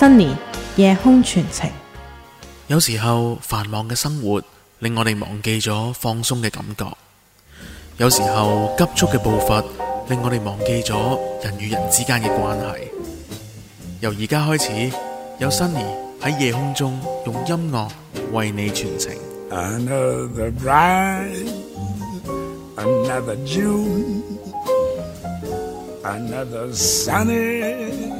Sunny 夜空傳情，有時候繁忙嘅生活令我哋忘記咗放鬆嘅感覺，有時候急速嘅步伐令我哋忘記咗人與人之間嘅關係。由而家開始，有 Sunny 喺夜空中用音樂為你傳情。Another bright, another June, another sunny.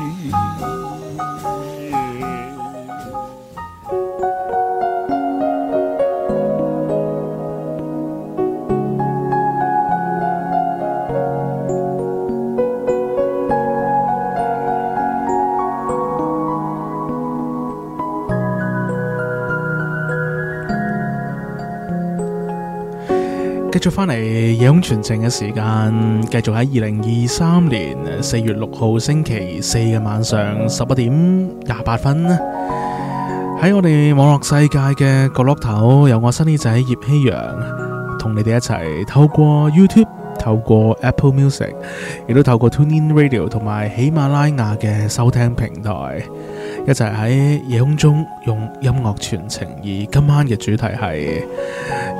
再翻嚟夜空傳情嘅時間，繼續喺二零二三年四月六號星期四嘅晚上十一點廿八分，喺我哋網絡世界嘅角落頭，有我新呢仔葉希陽同你哋一齊透過 YouTube、透過 Apple Music，亦都透過 TuneIn Radio 同埋喜馬拉雅嘅收聽平台，一齊喺夜空中用音樂傳情。而今晚嘅主題係。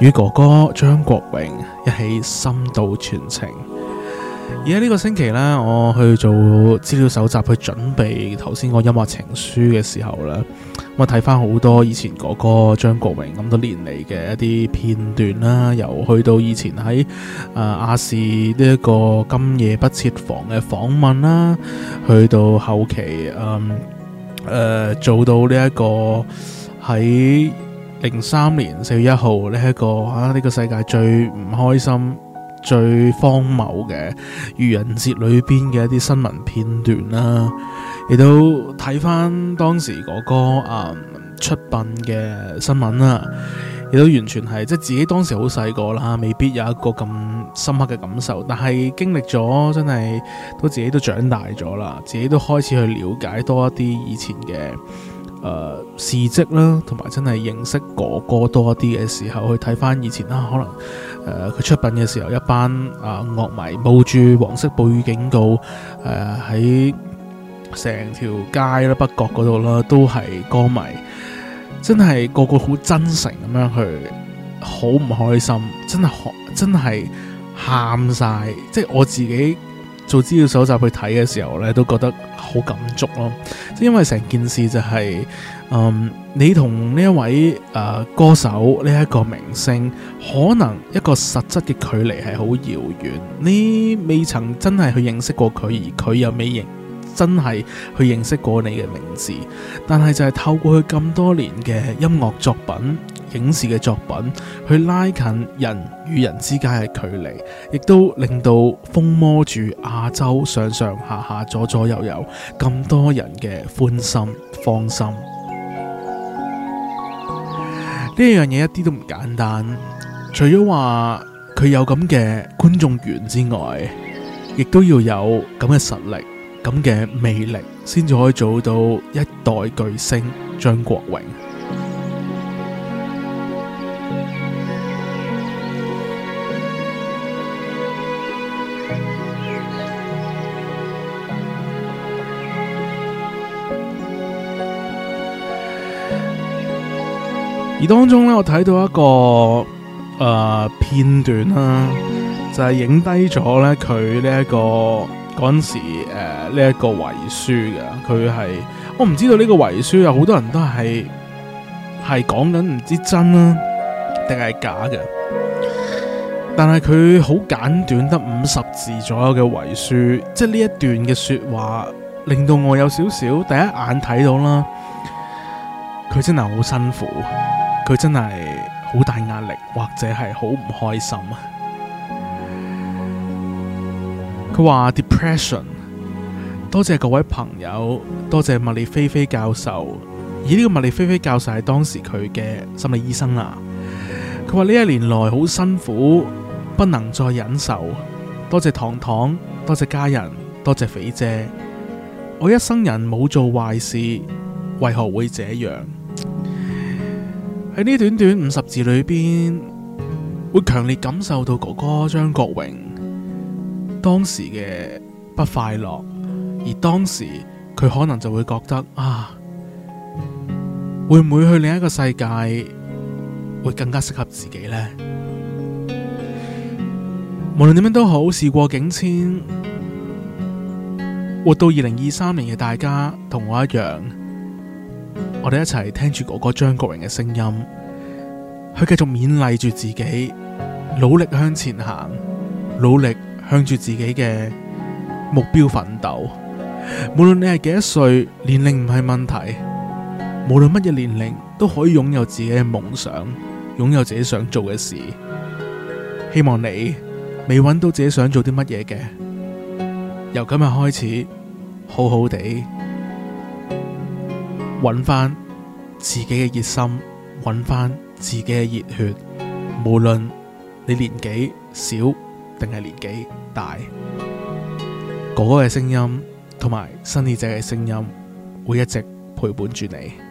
與哥哥張國榮一起深度傳情。而喺呢個星期呢，我去做資料搜集，去準備頭先個音樂情書嘅時候呢，我睇翻好多以前哥哥張國榮咁多年嚟嘅一啲片段啦，由去到以前喺誒亞視呢一個《今夜不設防》嘅訪問啦，去到後期誒誒、嗯呃、做到呢一個喺。零三年四月一號呢一個呢、這個世界最唔開心、最荒謬嘅愚人節裏邊嘅一啲新聞片段啦，啊，亦都睇翻當時嗰，那個啊，嗯，出殯嘅新聞啦，啊，亦都完全係即係自己當時好細個啦，未必有一個咁深刻嘅感受。但係經歷咗，真係都自己都長大咗啦，自己都開始去了解多一啲以前嘅。誒、呃，事跡啦，同埋真係認識哥哥多啲嘅時候，去睇翻以前啦，可能誒佢、呃、出品嘅時候，一班啊樂、呃、迷冒住黃色暴雨警告誒喺成條街啦，北角嗰度啦，都係歌迷，真係個個好真誠咁樣去，好唔開心，真係真係喊晒，即係我自己。做資料搜集去睇嘅時候咧，都覺得好感觸咯。即因為成件事就係、是，嗯，你同呢一位誒、呃、歌手呢一、這個明星，可能一個實質嘅距離係好遙遠，你未曾真係去認識過佢，而佢又未認識。真係去認識過你嘅名字，但係就係透過佢咁多年嘅音樂作品、影視嘅作品，去拉近人與人之間嘅距離，亦都令到風靡住亞洲上上下下左左右右咁多人嘅歡心、放心。呢 樣嘢一啲都唔簡單，除咗話佢有咁嘅觀眾緣之外，亦都要有咁嘅實力。咁嘅魅力，先至可以做到一代巨星張國榮。而當中咧，我睇到一個誒、呃、片段啦、啊，就係影低咗咧佢呢一、這個。嗰陣時，誒、呃，呢、這、一個遺書嘅，佢係我唔知道呢個遺書有好多人都係係講緊唔知真呀定係假嘅，但係佢好簡短得五十字左右嘅遺書，即係呢一段嘅說話，令到我有少少第一眼睇到啦，佢真係好辛苦，佢真係好大壓力，或者係好唔開心。佢話：Depression。多謝各位朋友，多謝麥利菲菲教授。而呢個麥利菲菲教授係當時佢嘅心理醫生啦、啊。佢話呢一年來好辛苦，不能再忍受。多謝糖糖，多謝家人，多謝肥姐。我一生人冇做壞事，為何會這樣？喺呢短短五十字裏邊，會強烈感受到哥哥張國榮，當時嘅不快樂，而當時佢可能就會覺得啊，會唔會去另一個世界會更加適合自己呢？無論點樣都好，事過境遷，活到二零二三年嘅大家同我一樣，我哋一齊聽住哥哥張國榮嘅聲音，去繼續勉勵住自己，努力向前行，努力，向住自己嘅目標奮鬥，無論你係幾多歲，年齡唔係問題，無論乜嘢年齡都可以擁有自己嘅夢想，擁有自己想做嘅事。希望你未搵到自己想做啲乜嘢嘅，由今日開始，好好地搵返自己嘅熱心，搵返自己嘅熱血，無論你年紀小，定係年紀大，哥哥嘅聲音同埋 Sunny 仔嘅聲音會一直陪伴住你。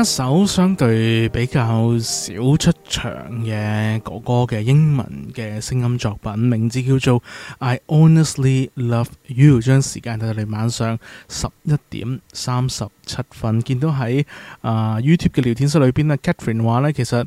一首相對比較少出場嘅哥哥嘅英文嘅聲音作品，名字叫做 I Honestly Love You。將時間睇到嚟晚上十一點三十七分，見到喺啊、呃、YouTube 嘅聊天室裏邊啊，Catherine 話咧，其實。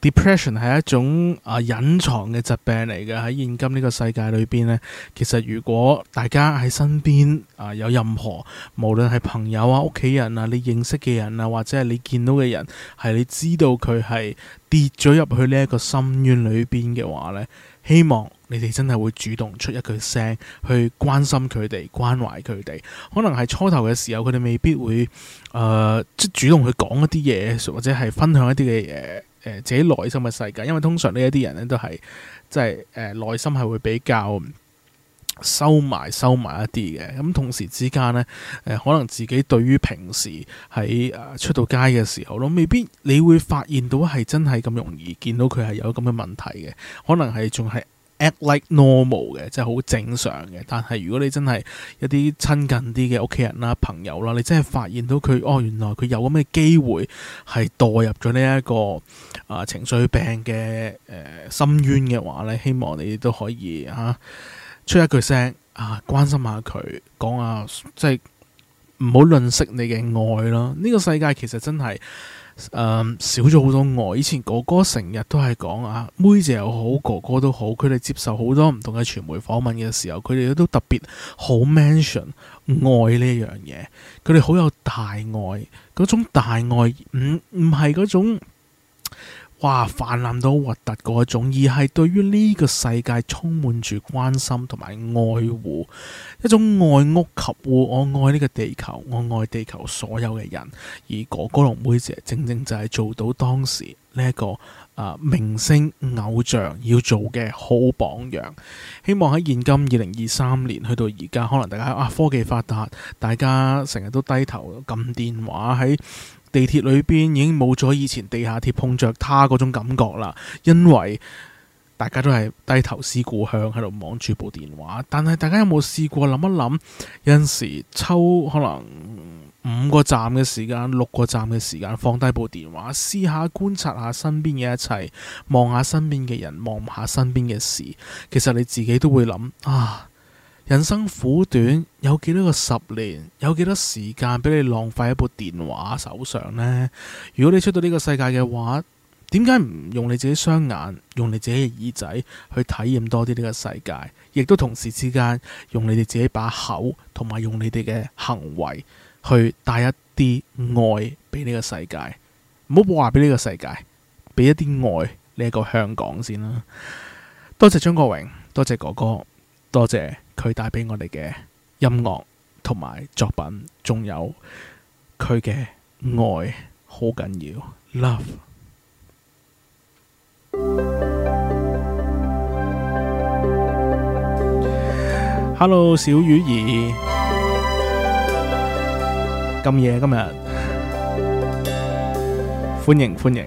Depression 係一種啊隱藏嘅疾病嚟嘅，喺現今呢個世界裏邊咧，其實如果大家喺身邊啊有任何無論係朋友啊、屋企人啊、你認識嘅人啊，或者係你見到嘅人，係你知道佢係跌咗入去呢一個深淵裏邊嘅話咧，希望你哋真係會主動出一句聲去關心佢哋、關懷佢哋。可能係初頭嘅時候，佢哋未必會呃、即係主動去講一啲嘢，或者係分享一啲嘅嘢。誒自己內心嘅世界，因為通常呢一啲人咧，都係即係誒內心係會比較收埋收埋一啲嘅。咁同時之間咧誒，可能自己對於平時喺、呃、出到街嘅時候咯，未必你會發現到係真係咁容易見到佢係有咁嘅問題嘅。可能係仲係 act like normal 嘅，即係好正常嘅。但係如果你真係一啲親近啲嘅屋企人啦、啊、朋友啦、啊，你真係發現到佢哦，原來佢有咁嘅機會係墮入咗呢一個。啊、呃！情緒病嘅誒深淵嘅話咧，希望你都可以嚇、啊、出一句聲啊，關心下佢，講下，下即係唔好吝識你嘅愛啦。呢、這個世界其實真係、呃、少咗好多愛。以前哥哥成日都係講啊，妹姐又好，哥哥都好，佢哋接受好多唔同嘅傳媒訪問嘅時候，佢哋都特別好 mention 愛呢一樣嘢。佢哋好有大愛嗰種大愛，唔唔係嗰種。哇！泛濫到核突嗰一種，而係對於呢個世界充滿住關心同埋愛護，一種愛屋及烏。我愛呢個地球，我愛地球所有嘅人。而哥哥同梅姐正正就係做到當時呢、這、一個啊、呃、明星偶像要做嘅好榜樣。希望喺現今二零二三年去到而家，可能大家啊科技發達，大家成日都低頭撳電話喺。地鐵裏邊已經冇咗以前地下鐵碰着他嗰種感覺啦，因為大家都係低頭思故鄉喺度望住部電話。但係大家有冇試過諗一諗？有陣時抽可能五個站嘅時間，六個站嘅時間，放低部電話，試下觀察下身邊嘅一切，望下身邊嘅人，望下身邊嘅事。其實你自己都會諗啊。人生苦短，有幾多個十年，有幾多時間俾你浪費喺部電話手上呢？如果你出到呢個世界嘅話，點解唔用你自己雙眼，用你自己嘅耳仔去體驗多啲呢個世界？亦都同時之間用你哋自己把口，同埋用你哋嘅行為去帶一啲愛俾呢個世界，唔好話俾呢個世界，俾一啲愛呢一個香港先啦。多謝張國榮，多謝哥哥，多謝。佢帶畀我哋嘅音樂同埋作品，仲有佢嘅愛，好緊要。Love。Hello，小魚兒，咁夜今日，歡迎歡迎。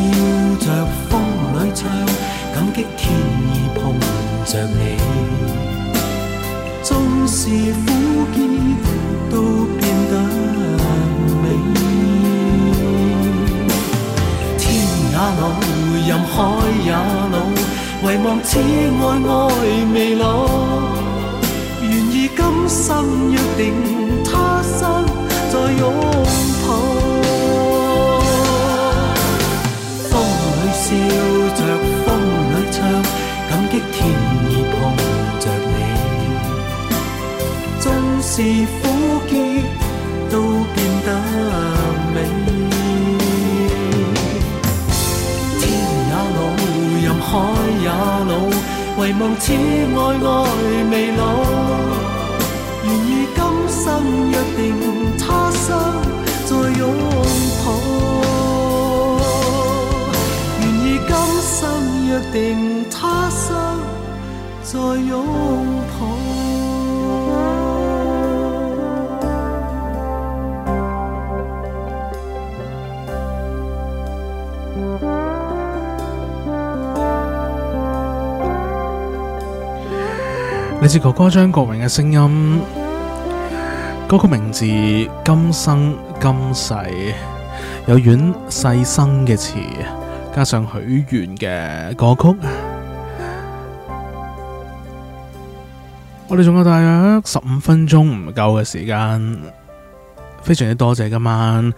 笑着風裏唱，感激天意碰着你，縱是苦澀都變得美。天也老，任海也老，唯望此愛愛未老。願意今生約定，他生再擁是苦澀都變得美，天也老，任海也老，唯望此愛愛未老。願意今生約定，他生再擁抱。願意今生約定，他生再擁抱。哥哥張國榮嘅聲音，歌曲，名字《今生今世》，有阮世生嘅詞，加上許願嘅歌曲，我哋仲有大約十五分鐘唔夠嘅時間，非常之多謝今晚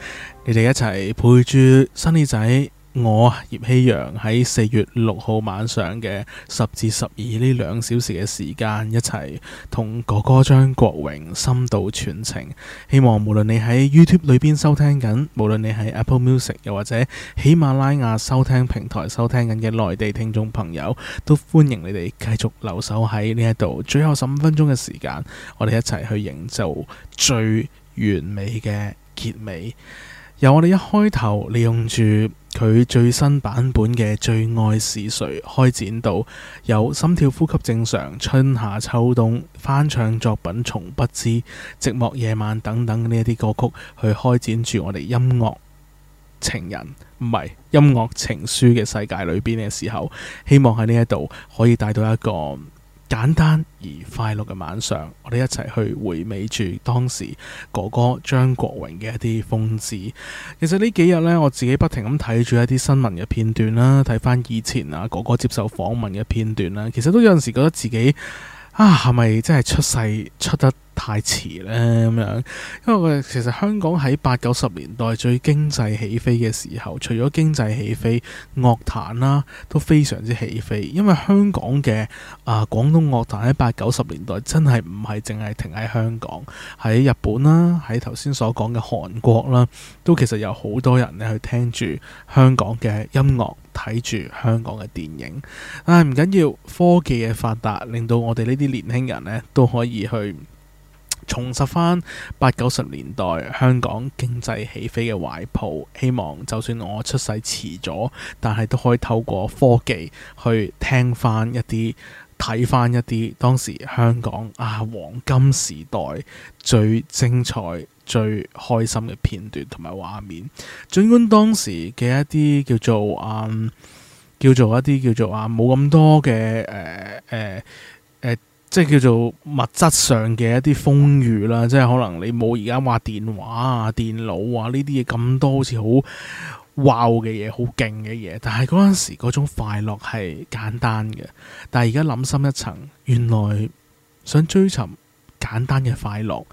你哋一齊陪住 Sunny 仔。我葉希陽喺四月六號晚上嘅十至十二呢兩小時嘅時間一齊同哥哥張國榮深度傳情。希望無論你喺 YouTube 裏邊收聽緊，無論你喺 Apple Music 又或者喜馬拉雅收聽平台收聽緊嘅內地聽眾朋友，都歡迎你哋繼續留守喺呢一度最後十五分鐘嘅時間，我哋一齊去營造最完美嘅結尾。由我哋一開頭利用住。佢最新版本嘅《最愛是誰》開展到有心跳呼吸正常、春夏秋冬、翻唱作品從不知寂寞夜晚等等呢一啲歌曲，去開展住我哋音樂情人唔係音樂情書嘅世界裏邊嘅時候，希望喺呢一度可以帶到一個。簡單而快樂嘅晚上，我哋一齊去回味住當時哥哥張國榮嘅一啲風姿。其實呢幾日呢，我自己不停咁睇住一啲新聞嘅片段啦，睇翻以前啊哥哥接受訪問嘅片段啦，其實都有陣時覺得自己。啊，係咪真係出世出得太遲呢？咁樣，因為其實香港喺八九十年代最經濟起飛嘅時候，除咗經濟起飛，樂壇啦都非常之起飛。因為香港嘅啊廣東樂壇喺八九十年代真係唔係淨係停喺香港，喺日本啦、啊，喺頭先所講嘅韓國啦、啊，都其實有好多人咧去聽住香港嘅音樂。睇住香港嘅電影，唉唔緊要，科技嘅發達令到我哋呢啲年輕人咧都可以去重拾翻八九十年代香港經濟起飛嘅懷抱。希望就算我出世遲咗，但係都可以透過科技去聽翻一啲、睇翻一啲當時香港啊黃金時代最精彩，最開心嘅片段同埋畫面，盡管當時嘅一啲叫做啊、嗯，叫做一啲叫做啊，冇咁多嘅誒誒誒，即係叫做物質上嘅一啲風雨啦，即係可能你冇而家話電話啊、電腦啊呢啲嘢咁多，好似好 wow 嘅嘢，好勁嘅嘢。但係嗰陣時嗰種快樂係簡單嘅，但係而家諗深一層，原來想追尋簡單嘅快樂。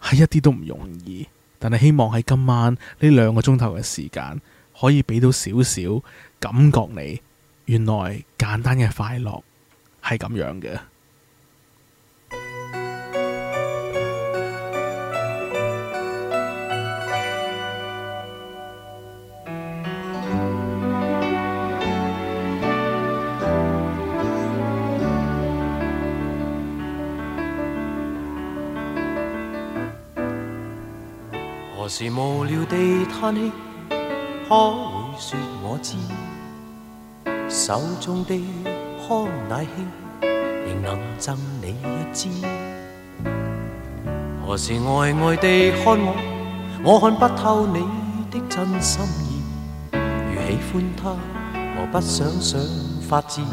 係一啲都唔容易，但係希望喺今晚呢兩個鐘頭嘅時間，可以畀到少少感覺你，原來簡單嘅快樂係咁樣嘅。何時無聊地嘆氣，可會說我知？手中的康乃馨，仍能贈你一支。何時愛愛地看我，我看不透你的真心意。如喜歡他，我不想想法子。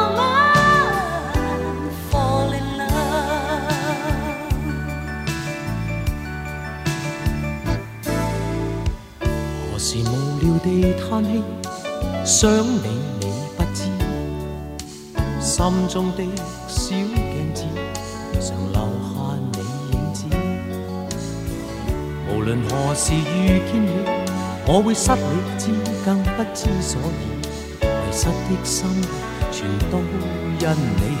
嘆氣，想你你不知，心中的小鏡子常留下你影子。無論何時遇見你，我會失理智，更不知所以，迷失的心全都因你。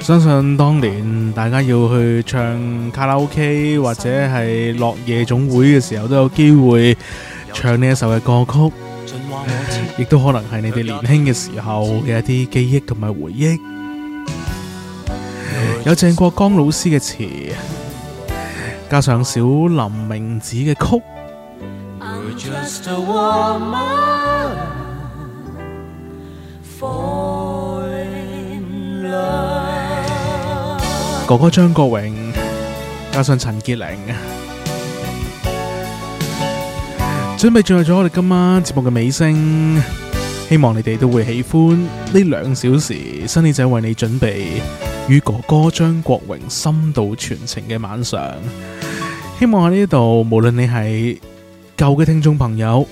相信當年大家要去唱卡拉 OK 或者係落夜總會嘅時候，都有機會唱呢首嘅歌曲，亦都可能係你哋年輕嘅時候嘅一啲記憶同埋回憶。有鄭國江老師嘅詞，加上小林明子嘅曲。哥哥張國榮，加上陳潔玲，準備進入咗我哋今晚節目嘅尾聲，希望你哋都會喜歡呢兩小時 Sunny 仔為你準備與哥哥張國榮深度傳情嘅晚上。希望喺呢度，無論你係舊嘅聽眾朋友，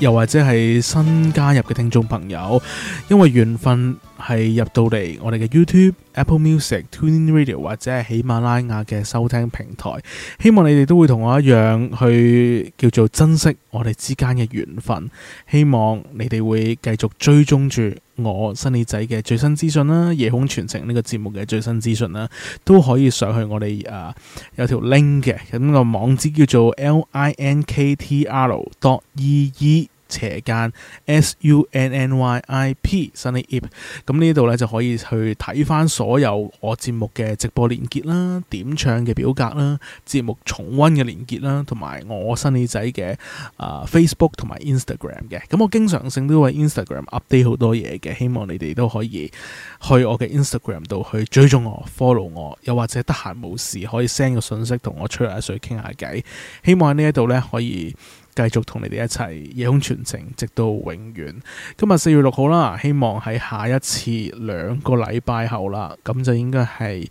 又或者係新加入嘅聽眾朋友，因為緣分，係入到嚟，我哋嘅 YouTube、Apple Music、TuneIn Radio 或者係喜馬拉雅嘅收聽平台，希望你哋都會同我一樣去叫做珍惜我哋之間嘅緣分。希望你哋會繼續追蹤住我新理仔嘅最新資訊啦，夜空傳情呢個節目嘅最新資訊啦，都可以上去我哋啊有條 link 嘅咁個網址叫做 linktr.ee 斜間 SUNNYIP，Sunny IP，咁呢度呢，就可以去睇翻所有我節目嘅直播連結啦、點唱嘅表格啦、節目重溫嘅連結啦，同埋我新理仔嘅啊、呃、Facebook 同埋 Instagram 嘅。咁我經常性都會喺 Instagram update 好多嘢嘅，希望你哋都可以去我嘅 Instagram 度去追蹤我、follow 我，又或者得閒冇事可以 send 個信息同我吹下水、傾下偈。希望喺呢一度呢，可以。繼續同你哋一齊夜空傳情，直到永遠。今日四月六號啦，希望喺下一次兩個禮拜後啦，咁就應該係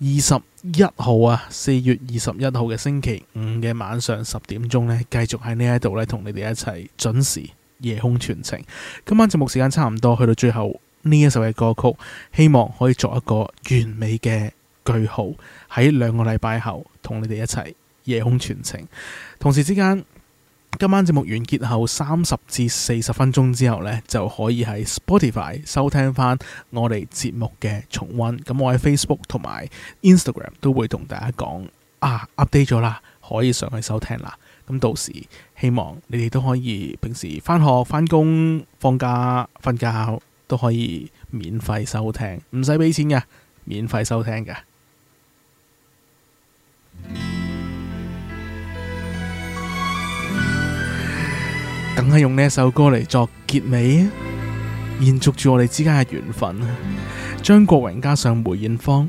二十一號啊，四月二十一號嘅星期五嘅晚上十點鐘咧，繼續喺呢一度咧，同你哋一齊準時夜空傳情。今晚節目時間差唔多，去到最後呢一首嘅歌曲，希望可以作一個完美嘅句號。喺兩個禮拜後，同你哋一齊夜空傳情。同時之間。今晚節目完結後三十至四十分鐘之後呢，就可以喺 Spotify 收聽翻我哋節目嘅重温。咁我喺 Facebook 同埋 Instagram 都會同大家講啊，update 咗啦，可以上去收聽啦。咁到時希望你哋都可以平時翻學、翻工、放假、瞓覺都可以免費收聽，唔使俾錢嘅，免費收聽嘅。嗯梗係等下用呢一首歌嚟作結尾延續住我哋之間嘅緣分。張國榮加上梅艷芳。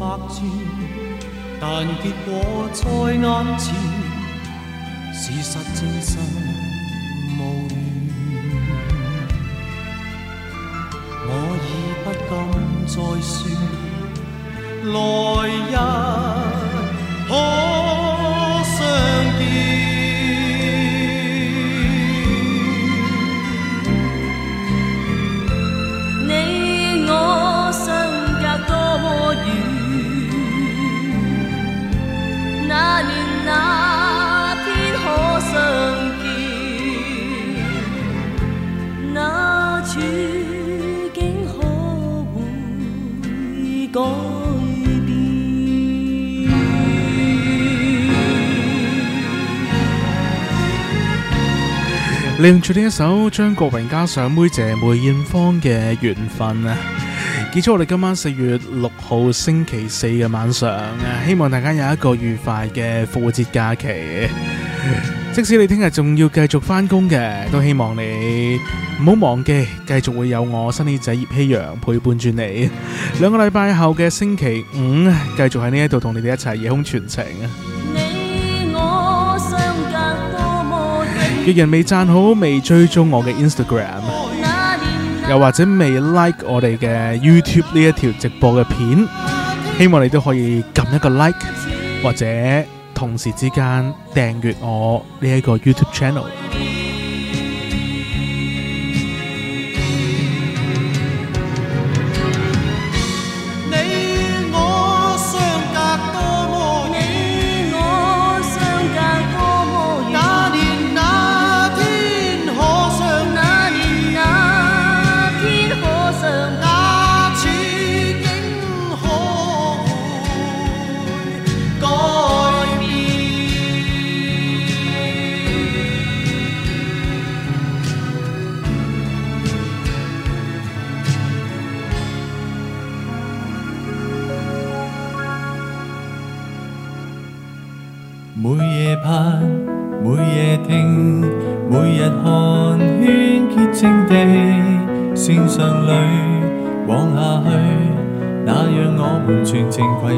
百轉，但結果在眼前，事實真實無緣，我已不敢再說，來日。利用住呢一首張國榮加上妹姐梅艷芳嘅緣分啊！記住我哋今晚四月六號星期四嘅晚上啊！希望大家有一個愉快嘅復活節假期。 即使你聽日仲要繼續翻工嘅，都希望你唔好忘記，繼續會有我新啲仔葉希陽陪伴住你。兩個禮拜後嘅星期五，繼續喺呢一度同你哋一齊夜空傳情啊！別人未讚好，未追蹤我嘅 Instagram，又或者未 like 我哋嘅 YouTube 呢一條直播嘅片，希望你都可以撳一個 like，或者同時之間訂閱我呢一個 YouTube Channel。